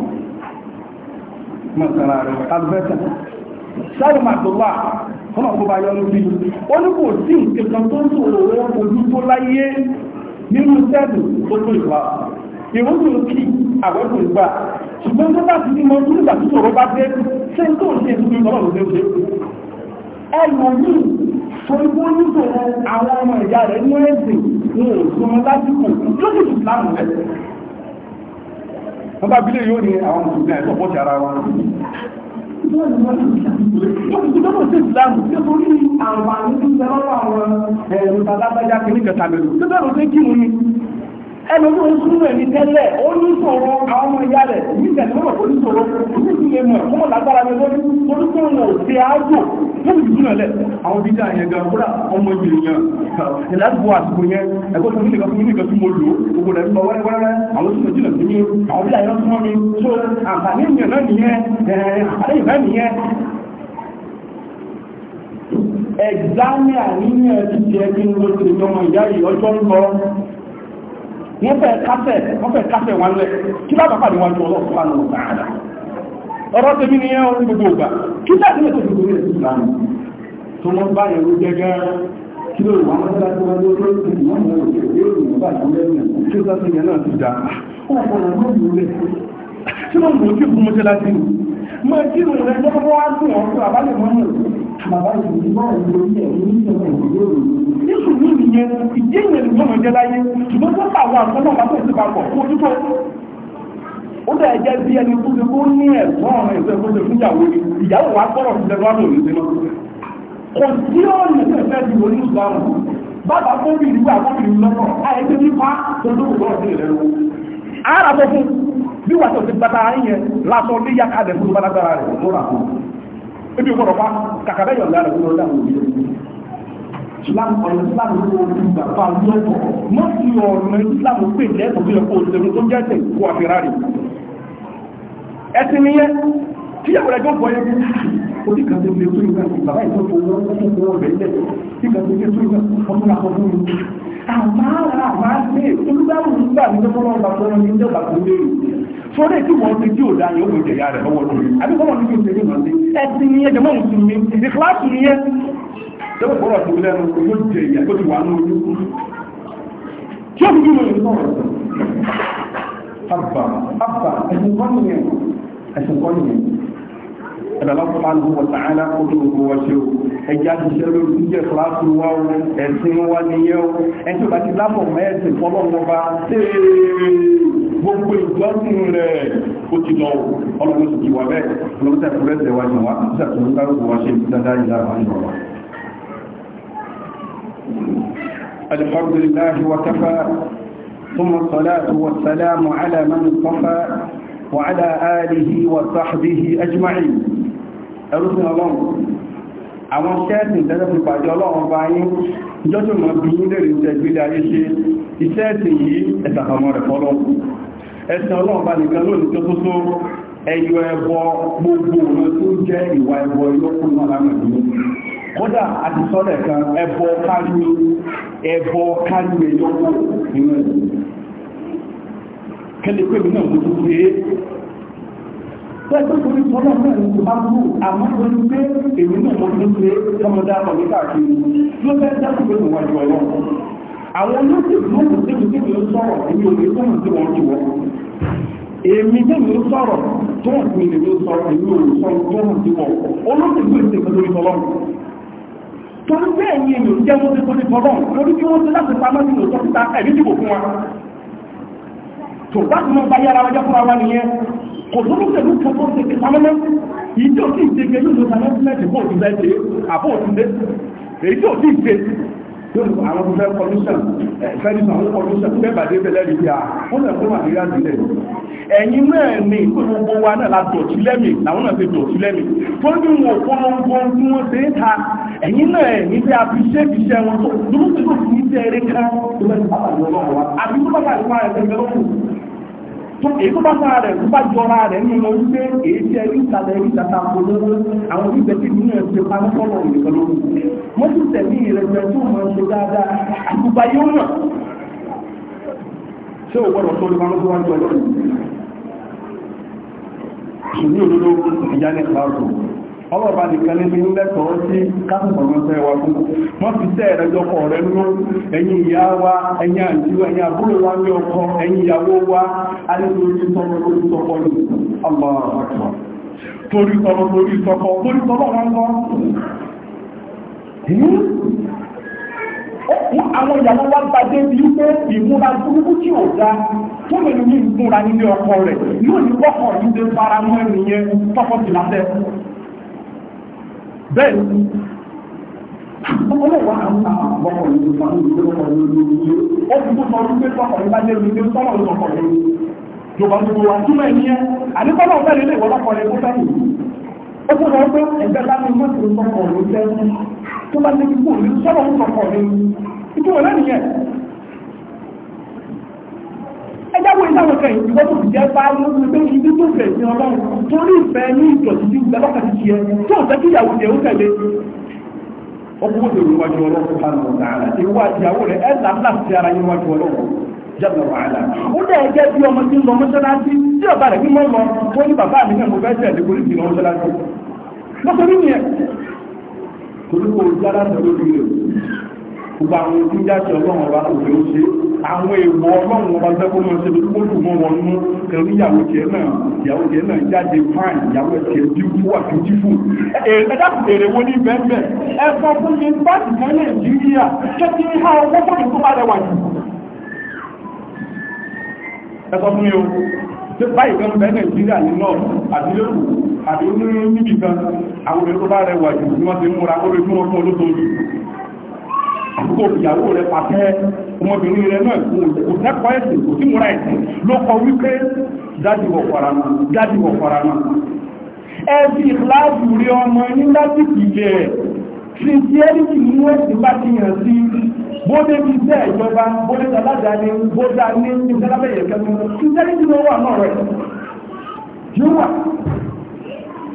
sáwọn àdọ́lá fún ọkọ̀ bá yọrù bí ó ní kò sí nǹkan tó ń sòrò ojú tó láyé nínú sẹ́ẹ̀dù tó tó ìwà ìrúdùn kí àwẹ́kùn ìgbà ṣùgbọ́n tó bá ti ní mọ́ nígbà tí sòrò bá dé ṣe tó ń ṣe ìdúgbò ìgbọ́nà ló dé ẹlòmí tó ń gbó nígbòrò àwọn ọmọ ìyá rẹ̀ ní ẹ̀sìn ní òṣùwọ̀n lásìkò tó sì tù láàmù rẹ̀ wọ́n bá bílẹ̀ yóò ní àwọn mùsùlùmí àìsàn pọ̀ wọ́n ti gbọ́dọ̀ sí ìsìlámù nítorí àǹfààní tó ń bẹ lọ́wọ́ àwọn ẹ̀rù tàbí abájá kìíní kẹta mẹ́rin tó bẹ̀rù pé kí ni ẹnu tó ń súnmọ́ ẹni tẹ́lẹ̀ ó ní sọ̀rọ̀ àwọn ọmọ ìyá rẹ̀ ní ìtẹ̀lẹ́mọ̀ tó ní sọ̀rọ̀ ní ìdílé mọ̀ fún ọ̀lágbára mi lórí torí tó ń lọ sí ààbò fún ìdúnà lẹ̀ àwọn ibi dáa yẹn gan fúra ọmọ ènìyàn ìlàgbò àsìkò yẹn ẹgbẹ́ tó ní nìkan fún nìkan tí mo lò gbogbo rẹ̀ lọ wẹ́rẹ́wẹ́rẹ́ àwọn tó jìnà sí mi àwọn bí àyẹ̀wò súnmọ́ mi tó àǹfààní ènìyàn náà nìyẹn àdéhùn wọ́n fẹ́ kásẹ̀ wọ́n fẹ́ kásẹ̀ wọn lẹ̀ kí lábàá pàdé wọn jọ ọlọ́pàá lọ sàárà ọ̀rọ̀ tèmi ni ẹ̀hún gbogbo ògbà kí láti lè tó gbogbo rẹ̀ sí ìlànà tó wọ́n bá ẹ̀rú gẹ́gẹ́ kí ló wà wọ́n bá tó wọ́n ló tó ti wọ́n mọ̀ òkè yóò wọ́n bá ìwọ́n lẹ́nu kí ó sáfẹ́ bàbá ìlú náà ń lo ilẹ̀ ní ìjọba ìgbèrò nísù ní ìyẹn ìdí ìyẹn ló mọ̀ jẹ́ láyé ṣùgbọ́n tó pa àwọn àtọ́nà bá pèsè papọ̀ fún ojúbọ ó dẹ̀ jẹ́ bí ẹni tó ṣe kó ní ẹ̀gbọ́n ọ̀rọ̀ ìfẹ́ tó ṣe fún ìyàwó ìyàwó wa gbọ́rọ̀ sí lẹ́nu àdó òní lọ kò sí ọ̀nà ìfẹ́ ti wọlé ìsọ̀rọ̀ bàbá kóbi ìlú àkóbi ìlú lọ́kọ̀ àyẹ̀tẹ̀ nípa tó lóko lọ́rọ̀ sí ìlẹ́nu ara tó fún bí wàá tó ti gbàtà yẹn lásán ní yàtọ̀ àdẹ̀kùn balagbara rẹ̀ lóra fún ebi gbọ́dọ̀ pa kàkàdá yọ̀ọ̀dá rẹ̀ gbọ́dọ̀ dáhùn òbí islam ọ̀nà islam ló ń fi gbàgbà lọ́wọ́ mọ́sí ọ̀nà islam pè lẹ́tọ̀ tó yẹ kó lẹ́nu tó jẹ́ ẹ̀sẹ̀ kó àfihàn rẹ̀ ẹ̀sìn nìyẹn tí ẹ̀wọ̀n ẹ̀jọ́ bọ̀ yẹn ó ti kàn tó lè tó ìgbà bàbá ìtọ́ tó wọ́n tó kó wọ́n rẹ̀ lẹ̀ tí kàn tó lè tó ìgbà ọdún àkọ́ fún mi àmàlà àmàlà olùdáwò nígbà ní ọmọ ọgbà tó wọn ní ìjọba tó lè sórí tí wọ́n ti tí ò dá yóò jẹ ìyá rẹ̀ lọ́wọ́ lórí àbí kọ́mọ̀ ní kí o ṣe nínú ọdún ẹ̀sìn ni ẹjọ́ mọ́mù tún mi ìdí kíláàsì ni ẹ lọ́wọ́ bọ́rọ̀ tó lẹ́nu yóò jẹ ìyá tó ti wà ní ojú tí ó fi bí lóyún sọ̀rọ̀ àbà àbà ẹ̀sìn kọ́ nìyẹn ẹ̀sìn kọ́ nìyẹn رضي الله عنه الحمد لله وكفى ثم الصلاة والسلام على من اصطفى وعلى آله وصحبه أجمعين ẹrùsìn ọlọ́run àwọn ṣẹ́ẹ̀sì tẹ́lẹ̀ fi pàdé ọlọ́run bá yín jọ́jọ́ mọ̀ bí yín lè rí iṣẹ́ ìgbélé ayé ṣe iṣẹ́ẹ̀sì yìí ẹ̀sàkàmọ́ rẹ̀ fọ́lọ́ ẹ̀sìn ọlọ́run bá nìkan lónìí tó tó tó ẹyọ ẹbọ gbogbo ọ̀nà tó jẹ́ ìwà ẹbọ yókù náà kódà àti sọ́dẹ̀ kan ẹbọ kájú ẹbọ kájú yókù nínú ẹ̀sìn kẹ́lẹ̀ náà mo tún ṣe tẹ́tọ́ torí sọ́nà náà ní ìpamọ́ àmọ́ tó ń gbé èmi náà mo ti ṣe ọmọdé àkọ́lé káàkiri ló fẹ́ dákùn pé wọ́n jọ ẹ̀rọ àwọn olóṣèlú ló kò tẹ́bi tẹ́bi ó sọ̀rọ̀ èmi ò lè sọ̀rọ̀ tí wọ́n ti wọ́ èmi tẹ́bi ó sọ̀rọ̀ tó wọ́n ti lè sọ èmi ò sọ tó wọ́n ti wọ́ olóṣèlú èsì kan lórí tọ́lọ́ torí bẹ́ẹ̀ ni èmi ò jẹ́ wọ́n ti torí tọ́lọ́ lórí kí wọ́n ti láti pamọ́ sí ìlú sọ́kítà ẹ̀mí dìbò fún wa tòbá tí wọ́n bá yára wájá fún wa nìyẹn kò lọ́nà pẹ̀lú kẹfọ́ ṣe kí pamọ́ ìjọ tí ìṣègbè yóò lọ sàmọ́ sílẹ̀ tí bóòtù bẹ́ẹ̀ ṣe àbọ̀ òtúndé èyí tí ò tí ìṣe yóò lọ àwọn fẹ́ kọmíṣàn fẹ́ni àwọn kọmíṣàn fẹ́ bàdé bẹ̀lẹ́ rí bí i à ó lẹ̀ fún àríyá sílẹ̀ ẹ̀yìn náà ni gbogbo wa náà la dọ̀tí lẹ́mì làwọn náà fi dọ̀tí lẹ́mì tó ní wọn polongo tí wọ́n ṣe ń ta ẹ̀yìn náà ní bí abiṣẹ́ fi ṣẹ́ wọn tó lóṣèlú fi ń tẹ́ eré kan tó tó èyí tó bá sára rẹ̀ tó bá jọra rẹ̀ ní ọmọ wípé èyí tí ẹrí ìtàlẹ̀ ẹrí ìtàta polówó àwọn oníbẹ̀ tí nínú ẹ̀sẹ̀ parí sọ́nà ìrìnkọ́ ló wù. wọ́n tún tẹ̀lé ìrẹsẹ̀ tó mọ̀ ṣe dáadáa àtúgbà yóò nà. ṣé o gbọ́dọ̀ tó lọ́wọ́ tó wá jọ ọlọ́ọ̀bá nìkan lé ní lẹ́tọ̀ọ́ sí kásìmọ̀lọ́sẹ̀ wa fún wọ́n fi tẹ́ ẹ̀rẹ́jọpọ̀ rẹ̀ ló ẹ̀yin ìyá wa ẹ̀yin àǹtí wa ẹ̀yin àbúrò wa ní ọkọ ẹ̀yin ìyàwó wa alẹ́lórí tọmọ lórí tọkọ ní ọlọ́ọ̀rọ̀ torí tọmọ lórí tọkọ torí tọmọ wọn kọ́ hmm? àwọn ìyàwó wa gbadé bí wípé ìmúra burúkú tí ò dá tó lè ní ìmúra nílé ọkọ rẹ̀ yóò ní kọ́kọ̀ nílé faramọ́ ẹ̀nìyẹn tọkọ tìlásẹ́ bẹ́ẹ̀ ọlọ́wọ́ àwọn àbọ̀kọ̀lù Ọkùn sọ pé ẹgbẹ́ láti mọ́sí ìsọkọ̀ ló jẹ́ tó bá ti kú ní sọ́rọ̀ ìsọkọ̀ ní. Ìtúwọ̀ lẹ́nìyàn láwọn kan ìdíwọ́ tó ti jẹ́ bá lórí pé ibi tó fẹ̀ sí ọlọ́run torí ìfẹ́ ní ìjọ̀sí tí ìgbà lọ́kàn ti ṣe tó ń tẹ́kí ìyàwó jẹ́ ó tẹ̀lé ọkùnrin tó rí wájú ọlọ́run fún àwọn ọ̀daràn ìwọ àti ìyàwó rẹ̀ ẹ̀ làbúlà sí ara yín wájú ọlọ́run jẹ́bi wàhálà. ó dẹ̀ jẹ́ bí ọmọ tí ń lọ mọ́ṣáláṣí tí ọba rẹ̀ mímọ́ lọ lọ àwọn èèwọ̀ ọlọ́run ọba tẹ́kọ́ náà tó kóòtù mọ́ wọn mú ẹ̀rú ìyàwó tiẹ̀ náà ìyàwó tiẹ̀ náà jáde fáìn ìyàwó tiẹ̀ dúkú wà tó jífù ẹ̀ẹ́dá èrè wo ní bẹ́ẹ̀ ẹ̀fọ́ fún mi bá ti kan nàìjíríà ṣé kí ní ha ọgbọ́n fún tó bá rẹwà jù ẹ̀fọ́ fún mi o ṣe báyìí kan bẹ́ẹ̀ nàìjíríà ní náà àti lérò àti ní kan àwọn èrè tó bá rẹwà jù ni wọ́n ti ń múra ó lè fún ọdún ọmọbìnrin rẹ̀ náà kò tẹ́kọ̀ọ́ ẹ̀sìn kò sí múra ẹ̀sìn ló kọ wípé dájú wọ̀ fara náà dájú wọ̀ fara náà ẹbí ìlàjù rí ọmọ ní láti ìlẹ̀ rẹ̀ kìrìsìẹ́nìtì nínú ẹ̀sìn bá ti yàn sí bóde bíi iṣẹ́ ìjọba bóde aládàáni bóde ní ìdálábẹ̀yẹ̀ kẹ́kọ̀ọ́ kìrìsìẹ́nìtì ló wà náà rẹ̀ yóò wà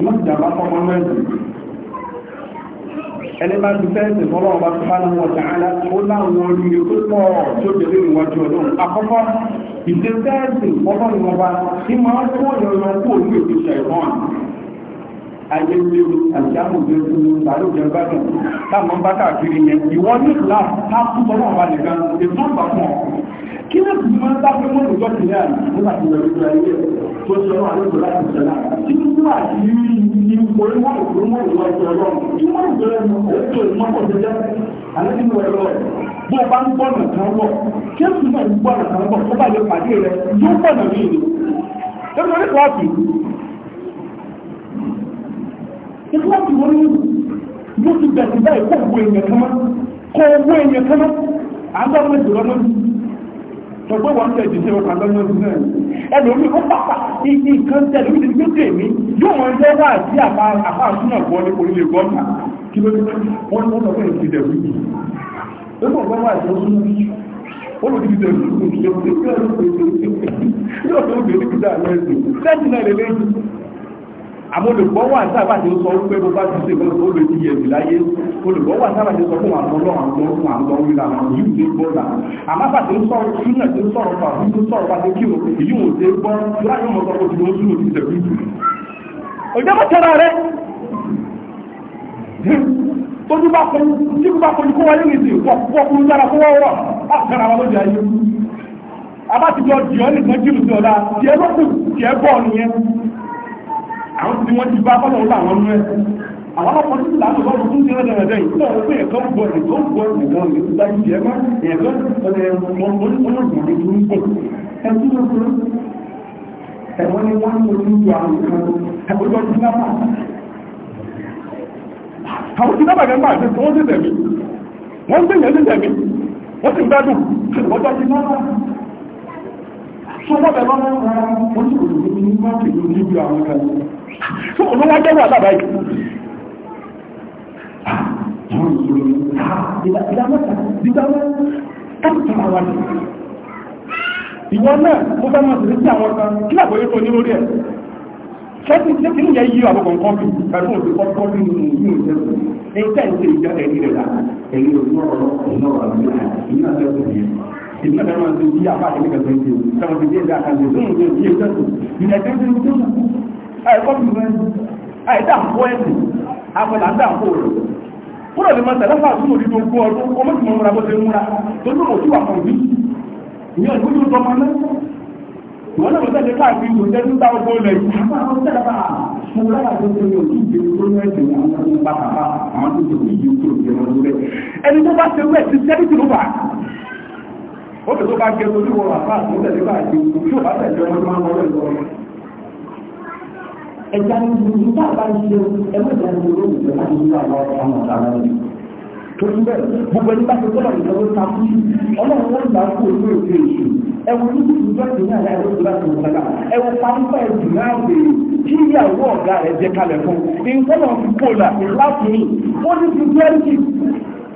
wọ́n ti dàgbà fọmọ náà ẹni bá ti fẹ́ẹ̀sì fọ́lọ́ ọba tó fánà wọn tààlà ó láwọn oríire tó pọ̀ tí ó bẹ̀rẹ̀ ìwájú ọdún àkọ́kọ́ ìdẹ́fẹ́ẹ̀sì fọ́lọ́ ìwọ̀nba tí máa ń kó ìrọ̀rùn kó orí òkè ṣẹ̀fọ́n ayé léwu àjámù léwu pàlú ìjọba dùn táwọn ń bá káàkiri yẹn ìwọ ní islam táàkù tọ́lọ́ wà nìkan ètò ọ̀pá fún ọ kí ló ti máa bá fún mọ́tò jọ́sìn náà nígbà tí wọ́n ti ayé tó ṣe wọn àlejò láti ṣẹlá kí ló ti wà sí ní orí wọn ò fún mọ́tò wọn ìjọ lọ kí wọ́n ń bẹ̀rẹ̀ ètò ìmọ́tò tó jẹ́ àlejò rẹ̀ lọ bó o bá ń gbọ́nà kan wọ̀ kí ó sì máa ń gbọ́nà kan wọ̀ tó bá lè pàdé rẹ̀ yóò gbọ́nà mí ni. ẹgbẹ́ orí kọ́ọ̀tù ìkíláàsì wọn ní yóò ti bẹ̀rù báyìí kó owó èèyàn kan mọ́ kó owó èèyàn kan mọ́ àgbà wọn jùlọ mọ́ tọgbọ́n wọn tẹ̀ jìṣẹ́ wọn àgbà wọn jùlọ ẹlòmí ó pàpà ibi nǹkan tẹ̀ lórí ibi tó tẹ̀ mí yóò wọn jẹ́ wá àti àpá àtúnà gbọ́ ní orílẹ̀ gọ́ọ̀nà kí ló dé wọn wọn lọ bẹ́ẹ̀ ti dẹ̀rù yìí ó mọ̀ gbọ́n wà tó sún wọ́n lòdì ìdè ìdè ìdè ìdè ìdè ìdè ìdè ìdè ìdè ìdè ìdè ìdè ìdè ìdè ìdè àmọ́lùgbọ́ wà sábà tí ó sọ wípé bó bá ti ṣe kan tó lè ti yẹ̀bì láyé olùgbọ́ wà sábà tí ó sọ fún àwọn ọlọ́run àwọn ọlọ́run àwọn ọlọ́run ìlànà yìí ti gbọ́ là àmábà tí ó sọ ìrìnà tí ó sọ̀rọ̀ fà bí ó sọ̀rọ̀ bá ti kí o èyí ò ṣe gbọ́ láyé ọmọ sọ ojú ojú ojú ìṣẹ̀lú ìjọba tẹ́ra rẹ̀ tójú bá kún tí kú bá kún kó wáyé nìsí pọ̀ kún lára kó wọ́wọ́ àkàrà wọn lójú ayé abá ti jọ jìọ́ nìkan jìnnà sí ọ̀la tiẹ̀ lókù tiẹ̀ bọ́ọ̀lù yẹn àwọn tí wọ́n ti bá kọ́lọ̀ ńlá àwọn ọmọ ẹ̀kọ́ àwọn ọmọ tí láti bọ́ fún ti rẹ̀ rẹ̀ yìí náà pé ẹ̀kọ́ gbọ́ ẹ̀kọ́ gbọ́ nìkan ní ti dájú jẹ́ mọ́ ẹ̀kọ́ ẹ̀wọ́n ni wọ́n ń lo ojú àwọn ìkan ẹ̀kọ́ jọ sí lápá àwọn tí lápá gẹ́gbà àti tí wọ́n sì tẹ̀mí wọ́n sì yẹn sí tẹ̀mí wọ́n sì gbádùn wọ́n jọ sí lápá tó bọ́bẹ̀ bá mọ́ ara wọn tí òun ní ní má pè lórí ibi àwọn kan tó òun wá jẹ́wọ́ ah, àlábàá yìí àwọn ìṣòro ah, ìdámọ́ta dídámọ́ káàkiri àwọn ni ìwọ náà mo fẹ́ mọ̀ sí sí àwọn kan kí làgbọ́yé tó ní lórí ẹ̀ ṣẹ́kùn tí kí ní yẹ yí àbọ̀kọ̀ nǹkan bí pẹ̀lú òṣèlú kọ́kọ́ bí nínú yìí ò jẹ́kù ẹ̀yìn tẹ́ ń ṣe ìjọ ẹ̀rí rẹ̀ rà ẹ̀yìn òṣèlú ọ̀rọ̀ ìnáwó àbúrò ìnáwó àbúrò ìlú náà máa ń tó yí apá àti nígbà tó ń tó sábà tó yé dáa kan tó ń tó yé tó tó ìlú ẹgbẹ́ tó ń tó kú àìkọ́ bí wọn àìdá àpò ẹ̀sìn àpẹẹrẹ àdá àpò rẹ̀ kúrò lè máa tẹ̀lé fún àtúntò òdìdó ogún ọdún ọmọ tí mo múra bó ṣe ń múra tó ní òtún wà fún mi ìyẹn ìlú tó tọmọ náà wọn náà lọ́sẹ̀ nípa lẹ̀ yìí àwọn tẹ́lẹ̀ bá mo lára tó ṣe ní òtún ìdíje tó àwọn tó bàbá àwọn tó ṣe òtún ìdíje tó ń ẹni tó bá ṣe wẹ̀ ti sẹ́ni tó bá ó tó bá jẹ́ orí wọn àpá àtúntẹ̀lẹ́ bá jẹ́ ojú bá tẹ̀lẹ́ ọmọdé máa wọlé lọ ẹja ní ìlú tá a bá ń ṣe ẹgbẹ́ ìjà ní olóògùn tó láti ní àwọn ọmọ ọ̀tá rẹ̀ tó ń bẹ̀ gbogbo ẹni bá ti kọ́ lọ́dún tó ta kú ọlọ́run wọn gbà kú ojú òkè èṣù ẹwọ níbi ìjọ ìdílé àlẹ́ ẹ̀rọ tó láti wọ̀ lára ẹwọ pàmò ẹ̀dù náà béèrè kí ìyàwó ọ̀gá rẹ̀ jẹ́ kalẹ̀ fún ìǹkọ́nà fún kóòlà láti ní ó ní ti jẹ́rìí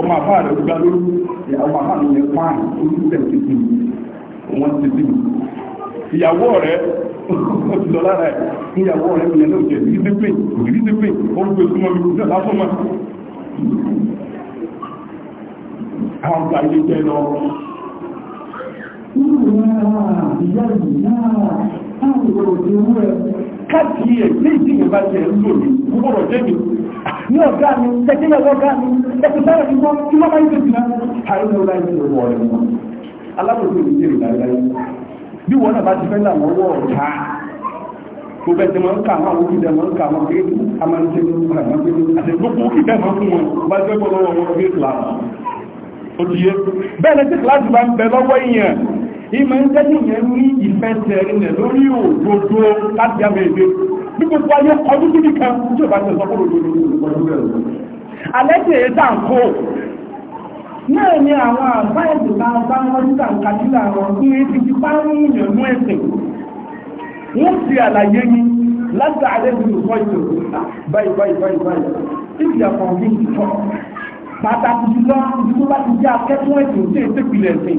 ọmọ àbá rẹ̀ gbá lórí ọmọ àbá mi yẹn fáàn olùsẹ̀ ti ti wọ́n ti ti ìyàwó rẹ̀ ó ti lọ lára ẹ̀ ìyàwó rẹ̀ mi yẹn náà jẹ́ ìdílépè ìdílépè ó ń gbé súnmọ́ mi kú sí àlásọ́ mọ́ àwọn ọgbà ilé jẹ́ lọ káàkiri ẹ̀ ní ìdíyẹ̀ bá jẹ́ lónìí gbọ́rọ̀ jẹ́ mi ní ọ̀gá mi tẹ́kílẹ̀ ọ̀gá mi tẹ́kílẹ̀ ìgbó kí wọ́n máa ń tètè náà àìní ọ̀la ìlú ọ̀rọ̀ ọ̀rẹ́ wọn alábòsí ò ní jèrè láíláí bí wọn náà bá ti fẹ́ là wọ́n wọ́ ọ̀tá kò bẹ̀ tẹ̀ máa ń kà wọn àwọn òkúta máa ń kà wọn pé ní ọkọ̀ àmọ́ pé fún wọn bá jẹ́ pọ̀ lọ́wọ́ wọn ni tí kìláàsì bá ń bẹ lọ́wọ́ ìyẹn ìmọ̀ ń tẹ́ ní ìyẹn ní ìfẹ́ tẹ̀ ẹ̀ lórí òdodo láti àmì èdè tí gbogbo ayé kọjú sí nìkan tí ò bá tẹ̀sán kúrò lórí ìpọ̀jú rẹ̀ alẹ́ tí èyí tà ń kó náà ni àwọn àbá ẹ̀sìn máa bá wọn níta kàdílà wọn ní etí ti bá ń yàn mú ẹ̀sìn wọ́n ti àlàyé ni láti àlejò ìfọ́ ìṣòro báyìí báyìí báyìí báyìí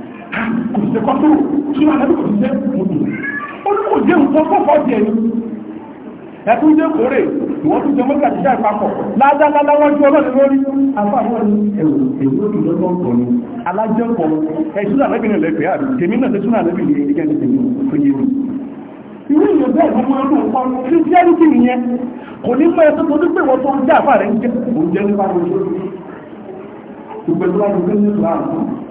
kò sí kọ́tù tí wọ́n lẹ́bí kò sí mọ́tò ó ní kò jẹ́ nǹkan fọ́fọ́ jẹ́ ní ẹkùn jẹ́ kórè wọ́n tún jẹ mọ́tò àtijọ́ ìpapọ̀ ládáláda wọ́n ju ọlọ́rin lórí àfáàwọ́n ẹ̀rọ ìlú ìlọ́gbọ̀n alájọ́pọ̀ ẹ̀ṣúná lẹ́bìnrin lẹ́fẹ̀ẹ́ àbí tèmi náà tẹ́ṣúná lẹ́bìnrin ẹ̀ẹ́gẹ́ tèmi tó yé mi irú ìlú bẹ́ẹ̀ ló máa ń lò pa christianity nìyẹn kò ní mọ ẹsẹ̀ tó dúpẹ́ wọ́n tó ń dá àfáà rẹ̀ ń jẹ́ òun jẹ́ nípa lójú ìgbẹ̀lúwàdùn ní islam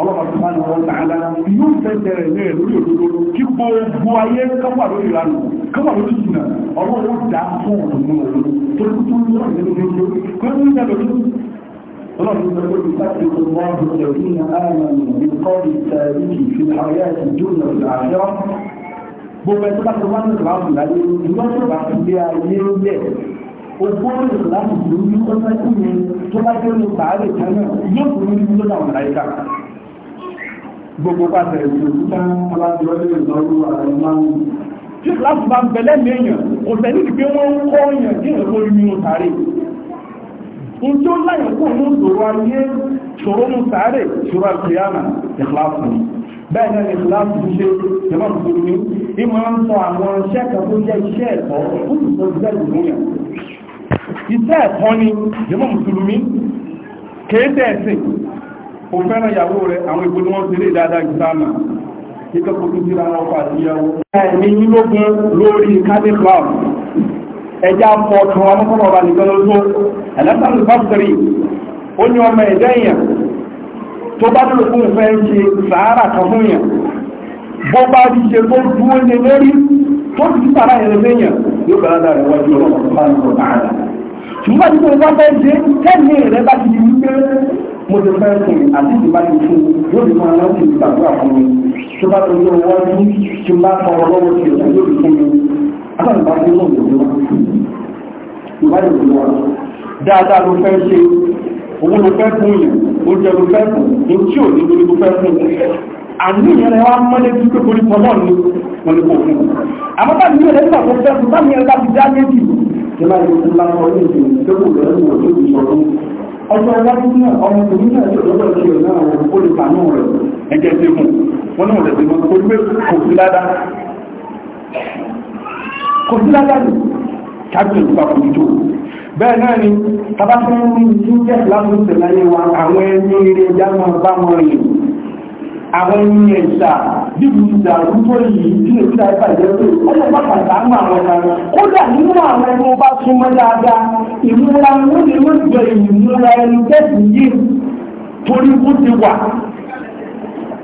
ọlọ́pàá tó máa ń wọ́n tààlà yóò tẹ́jẹ rẹ̀ ní ẹ̀lú òdodo kí gbogbo ayé kọ́wà lórí ìranù kọ́wà lórí ìsìnà ọlọ́wọ́ dá fún ọ̀nà òdodo tó kú tó lọ́rọ̀ nínú òdodo kọ́wà lórí ìsìnà رب يثبت الله الذين آمنوا بالقول الثابت في الحياة الدنيا والآخرة gbogbo ẹ̀sọ́ bá ti wá ní ìgbà ọ̀sùn láyé ìgbà ọ̀sùn bá ti gbé ayé lẹ̀ ògbóni ìsìlámù tó ní ọjọ́ tí mi tó bá jẹ́ ní bàárè tẹ́lẹ̀ yóò fún mi ní lọ́nà ọ̀nàìkà gbogbo pàtẹ ìṣòkúta alájọ́lẹ̀ ìlọ́rù àrẹ̀máwù tí bẹ́ẹ̀ náà ìsìláàmù ti ṣe ìjọba tuntun ìmọ̀ ń sọ àwọn iṣẹ́ tó jẹ́ iṣẹ́ ẹ̀kọ́ ó sì sọ iṣẹ́ ẹ̀kọ́ ni jẹ́mọ̀ mùsùlùmí kéèdè ẹ̀sìn o fẹ́ràn ìyàwó rẹ̀ àwọn ìbò ni wọ́n ti rí dáadáa jù sáàmà kíkẹ́ kò tún síra wọn pàdé ìyàwó. ẹ̀mí lógún lórí kábí cloud ẹja fọ ọkàn wọn mọ́kànlá ọba nìkan lóso ẹ̀lẹ́sàn factory. ó ní ọmọ ẹ̀dẹ́ èèyàn tó bá dúró fún ìfẹ́ ṣe sàárà kan fún yàn bó bá ti ṣe tó dúró lé lórí tó ti sára ẹ̀rẹ́ lẹ́yìn yóò bẹ̀rẹ̀ dára iwájú ọlọ́pàá ṣùgbọ́n tí mo bá fẹ́ ṣe kẹ́mi rẹ bá ti di wípé mo ti fẹ́ sùn àti ti bá ti fún yóò fi máa rántí ìgbàgbọ́ fún mi tó bá tó yọ wọ́n ní tí bá kọ́ ọ lọ́wọ́ sí ọ̀sán yóò fi fún mi akọ́nà bá ti lóun lòdì wọn ìwádìí lòdì wọn dáadáa ló fẹ́ ṣe owó ló fẹ́ fún yẹn oúnjẹ ló fẹ́ fún ní tí ò ní ló fẹ́ fún yẹn àníyàn rẹ̀ wá mọ́lé tí kò ní pọ̀lọ́ ní wọn ni kò fún un àmọ́ bá níyàn rẹ̀ nígbà tó fẹ́ tó báyìí rẹ̀ bá fi dá méjì tí máa yọ fún lásán ní ìsìn tó kù rẹ̀ ní òjò ìṣòro ọjọ́ iwájú ní ọmọ tòun náà ṣe lọ́dọ̀ ṣe náà wọn kó lè fàánù rẹ̀ ẹgẹ́ tí mu wọn náà rẹ̀ tẹ̀mọ́ kó gbé kò sí ládá kò sí ládá ni kájú ìgbà kò jó bẹ́ẹ̀ náà ni tabafẹ́ ní ìjẹ́ láti ń tẹ̀láyé wa àwọn ẹni eré jámọ́ bá wọn àwọn ẹni ẹ̀ṣà bíbu ìdàrú yìí tí lè fíta ẹ̀fà ìjẹ́ pé ó lè bá pàtà àwọn àwọn ẹ̀ka rẹ̀ kódà nínú àwọn ẹni bá súnmọ́ dáadáa ìmúra wọn ni wọ́n jẹ ìmúra ẹni tẹ́sí yìí torí kó ti wà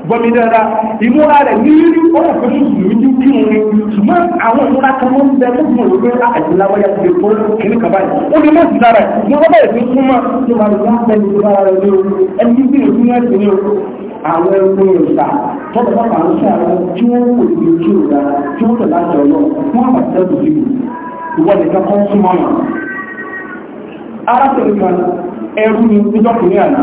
gbọ́mí dáadáa ìmúra rẹ̀ ní rí ọ̀rọ̀ pé mùsùlùmí ti kí wọn ni ṣùgbọ́n àwọn ìmúra kan ló ń bẹ tó fún òwe àti ah, láwáyà ti kó kiri kaba yìí ó ní mọ́sí dára yìí wọ́n bá èso súnmọ́ ní wàá lè wọ́n bẹ́ẹ̀ ní bára rẹ̀ ní orí ẹni tí bí èso yẹn ti ní orí àwọn ẹgbẹ́ ìrìnsà tọ́lọ̀ bá máa ń ṣe àwọn tí wọ́n kò ní ojú ìdá tí wọ́n tẹ̀ láti ọ̀yọ́ fún àbàtẹ́ tó ti ìwọ nìkan kan súnmọ́ náà arákùnrin kan ẹrú ni níjọ́kùnrin àná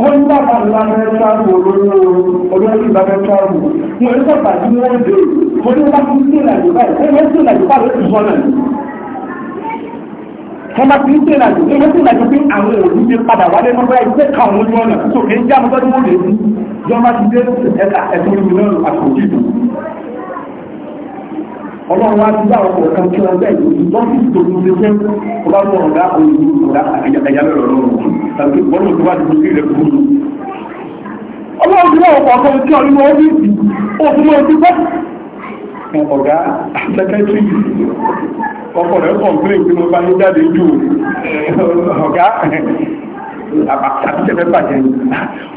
wọ́n ń bàbá lábẹ́ sáàbù olórí ìbábẹ́ sáàbù mo ní bàbá tí wọ́n dé mo ní bá fi sí ìlànà báyìí ó yẹ sí ìlànà báyìí ó ti sọ náà wọ́n bá fi sí ìlànà ó yẹ sí ìlànà pé àwọn òbí ti padà wálé mọ́ báyìí pé ká àwọn ojú ọ̀nà tó kì í já mọ́tọ́ tí wọ́n lè ní jọba ti dé ẹ̀ka ẹ̀kọ́ ìlú náà àtòkò jù ọlọ́run wá sí báwọn ọkọ̀ kan kí wọ́n bẹ́ẹ̀ lórí lọ́sí ìtòkùn ṣe fẹ́ ọba lọ́rọ̀ dá òyìnbó ìgbà àyàlẹ́rọ̀ lọ́rùn tàbí wọ́n lò tó bá ti kú sí ilẹ̀ kúrú ọlọ́run ti wọ́n ọkọ̀ ọ̀kan tí ọdún wọ́n ní òfin wọn ti bọ́ ọ̀gá sẹ́kẹ́tì ọkọ̀ rẹ̀ kọ̀m̀plé pé mo bá ní jáde jù ọ̀gá àtàkùnṣẹ́fẹ́ bàjẹ́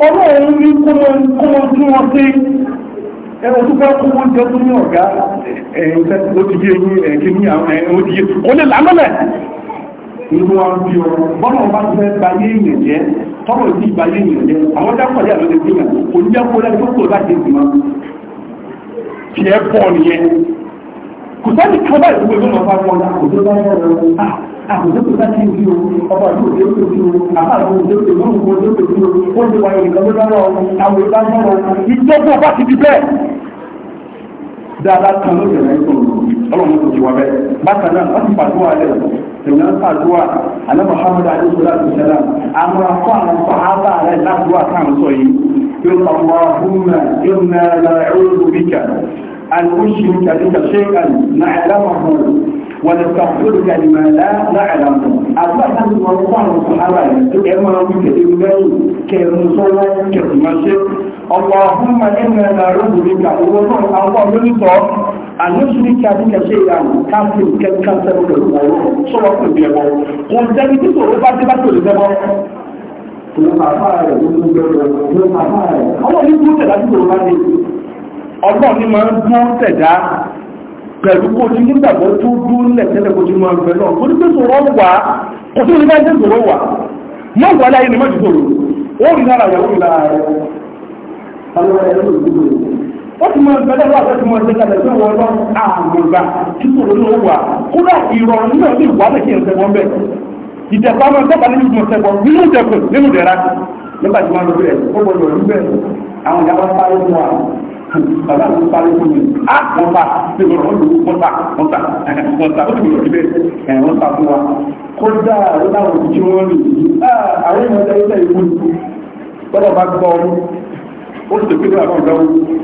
ọlọ́run ní kó mọ tí wọ́n sí ẹ̀rọ tó bá kó wọ́n jọ tó ní ọ̀gá ẹ̀yìn tẹ́sí ó ti yé ẹ̀yìn kí ní àwọn ẹ̀yìn ó ti yé kò lè lámọ́lẹ̀ inú ọdún yọ bọ́nà ọba ti fẹ́ bayé èèyàn jẹ́ tọ́rọ̀ ìdí ìbayé èèyàn jẹ́ àwọn jákòjá ló lè gbìyàn kò ní jákòó lẹ́nu tó kò láti ìgbìmọ̀ tí ẹ pọ̀ nìyẹn kò sẹ́ni kan bá ìdúgbò ló lọ bá wọn kò tó bá wọn rẹ àkùdé tó bá ti ń bí o ọba tó dé tó bí o àbá tó dé tó bí o kò dé tó bí o ó ti wà nìkan ló dáwọ́ àwọn ìbá mọ́rọ̀ ìjọba ọba ti di bẹ́ẹ̀ dáadáa kan ló yẹ̀rẹ̀ ń sọ̀rọ̀ ọlọ́run tó ti wà bẹ́ẹ̀ bákan náà wọ́n ti pàdé wa lẹ́yìn ìgbà sàdúrà alẹ́ muhammadu alayhisala alayhisala àwọn akọ àwọn sàhábà rẹ̀ ládùúgbà kan sọ yìí yóò sọ wọ́n húnmẹ́ yóò mẹ́rẹ̀ ẹ̀rọ bíkà الأشرك بك شيئا نعلمه ونستغفرك لما لا نعلم أصبحت الوطن الصحابة تؤمن بك إلهي كنصر كمشي اللهم إنا نعوذ بك ووطن الله من àlọ́sùn ìkà ní ẹ̀ṣẹ́ ìyàwó káàkiri nǹkan kan sẹ́nu pẹ̀lú ọ̀rọ̀ sọ́wọ́ pẹ̀lú ẹ̀bọ̀ wọn jẹ́ni tí tòun bá dé bá tòun lẹ́bọ̀ tòun bàbá rẹ̀ ló ń bẹ̀rẹ̀ tòun bàbá rẹ̀ ọwọ́ ní kúrò tẹ̀dá tí tòun bá dé ọgbọ́n ni máa ń dún tẹ̀dá pẹ̀lú kó ti nígbàgbọ́ tó dún lẹ̀ tẹ́lẹ̀ kó ti máa ń bẹ̀ náà kó ní pé sọ̀rọ̀ wà kò tó ní bá jẹ́ sọ̀rọ̀ wà mọ́ wà láyé ni mọ́ ti sọ̀rọ̀ ó rí lára ìyàwó ìlara rẹ̀ ó ti máa bẹ̀rẹ̀ wà láti máa jẹ́ka lẹ́sẹ̀ wọn lọ àmùgbà títí òun ló wà kúrò ìrọ̀rùn náà lè wà lẹ́kẹ̀ ẹ̀sẹ̀ wọn bẹ̀ ìdẹ̀kọ́ máa tọ́ka nínú ìgbìmọ̀ sẹ́kọ̀ nínú ìdẹ̀kọ̀ nínú ìdẹ̀ra nígbà tí wọ́n lọ bẹ̀rẹ̀ ó gbọ́dọ̀ rí bẹ́ẹ̀ àwọn ìyá wa sáré fún wa bàbá mi sáré fún mi á wọ́n bá ṣe wọ́n lò wọ́n ta wọ́n ta wọ́n ta ó ti wọ́n ibẹ̀ ẹ̀ wọ́n ta fún wa kódà ló láwọn òbí tí wọ́n lè yí àwọn ìmọ̀ ẹ̀sẹ̀ ìlú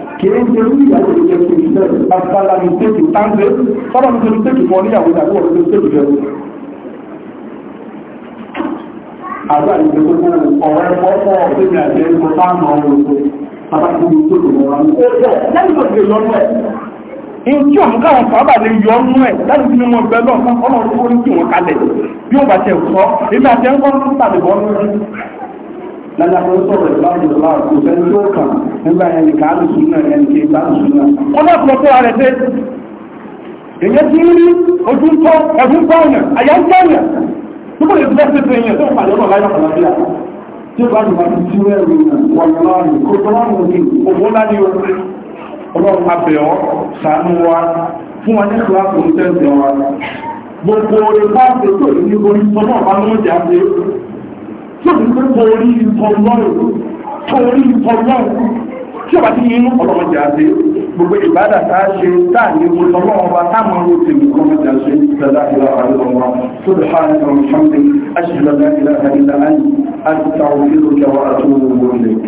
kìí ṣe orí ìyàwó ìjẹ kò ní bẹ́ẹ̀ agbára ní tètè táńgbé fọ́nà ní tètè fún oníyàwó ìyàwó ọ̀rọ̀ tètè jẹ́ àgbà ìgbẹ́ tó kó ọ̀rọ̀ ẹ̀kọ́ fọ́ ọ̀sẹ̀mì àti ẹ̀kọ́ fáànù ọ̀rọ̀ òkú pàtàkì ní tètè mọ́ra ní ọjọ́ lẹ́yìn tó ti lọ́nà ẹ̀ ìjọ àwọn káwọn sábà lè yọ ọmú ẹ láti fi mímọ ẹgbẹ lọ fún Ọlọ́run tó ní kí wọn kalẹ̀ bí ó bá tẹ sọ èmi àti ẹnkọ tó tàbí bọ ọmú rẹ lálàpọ̀ sọ̀rọ̀ ìbáwọ̀ ìbáwọ̀ kò sẹ́ni tó kàn nígbà yẹn ní káàlù súnà ẹni kí káàlù súnà. wọ́n bá pọ̀ tó ààrẹ pé èyẹ ti rí ojú ń tọ́ ẹ̀fún pọ́ọ̀nà àyà ń pọ́ọ̀nà tó bọ̀ lè fi bẹ́ẹ̀ pé èyàn tó pàdé ọ̀nà láyọ̀ kan lábíà tí ó bá ti máa ti tú ẹ̀rù wọn láàrin kó tó láwọn ní owó láni o ọlọ́run abẹ̀ọ́ sànú wa fún wa ní kíláàsì oúnjẹ ìjọba gbogbo orin pàṣẹ tó ní orí sọ́nà ọ̀bá ló ń jà tí ó fi pé torí ìtọ̀lọ́rùn torí ìtọ̀lọ́rùn tí ó bá ti yínú ọlọ́mọdé àti gbogbo ìbádà tá a ṣe tá a ní mo lọ́wọ́ ọba táwọn ohun tí mo ọlọ́mọdé àṣẹ ìtàlá ìlà àríwá tó lè hàn ní ọmọ ṣáńdé aṣèlú ìlà ìlà àìlà àìlà àti táwọn fílò kẹwàá àti owó ilẹ̀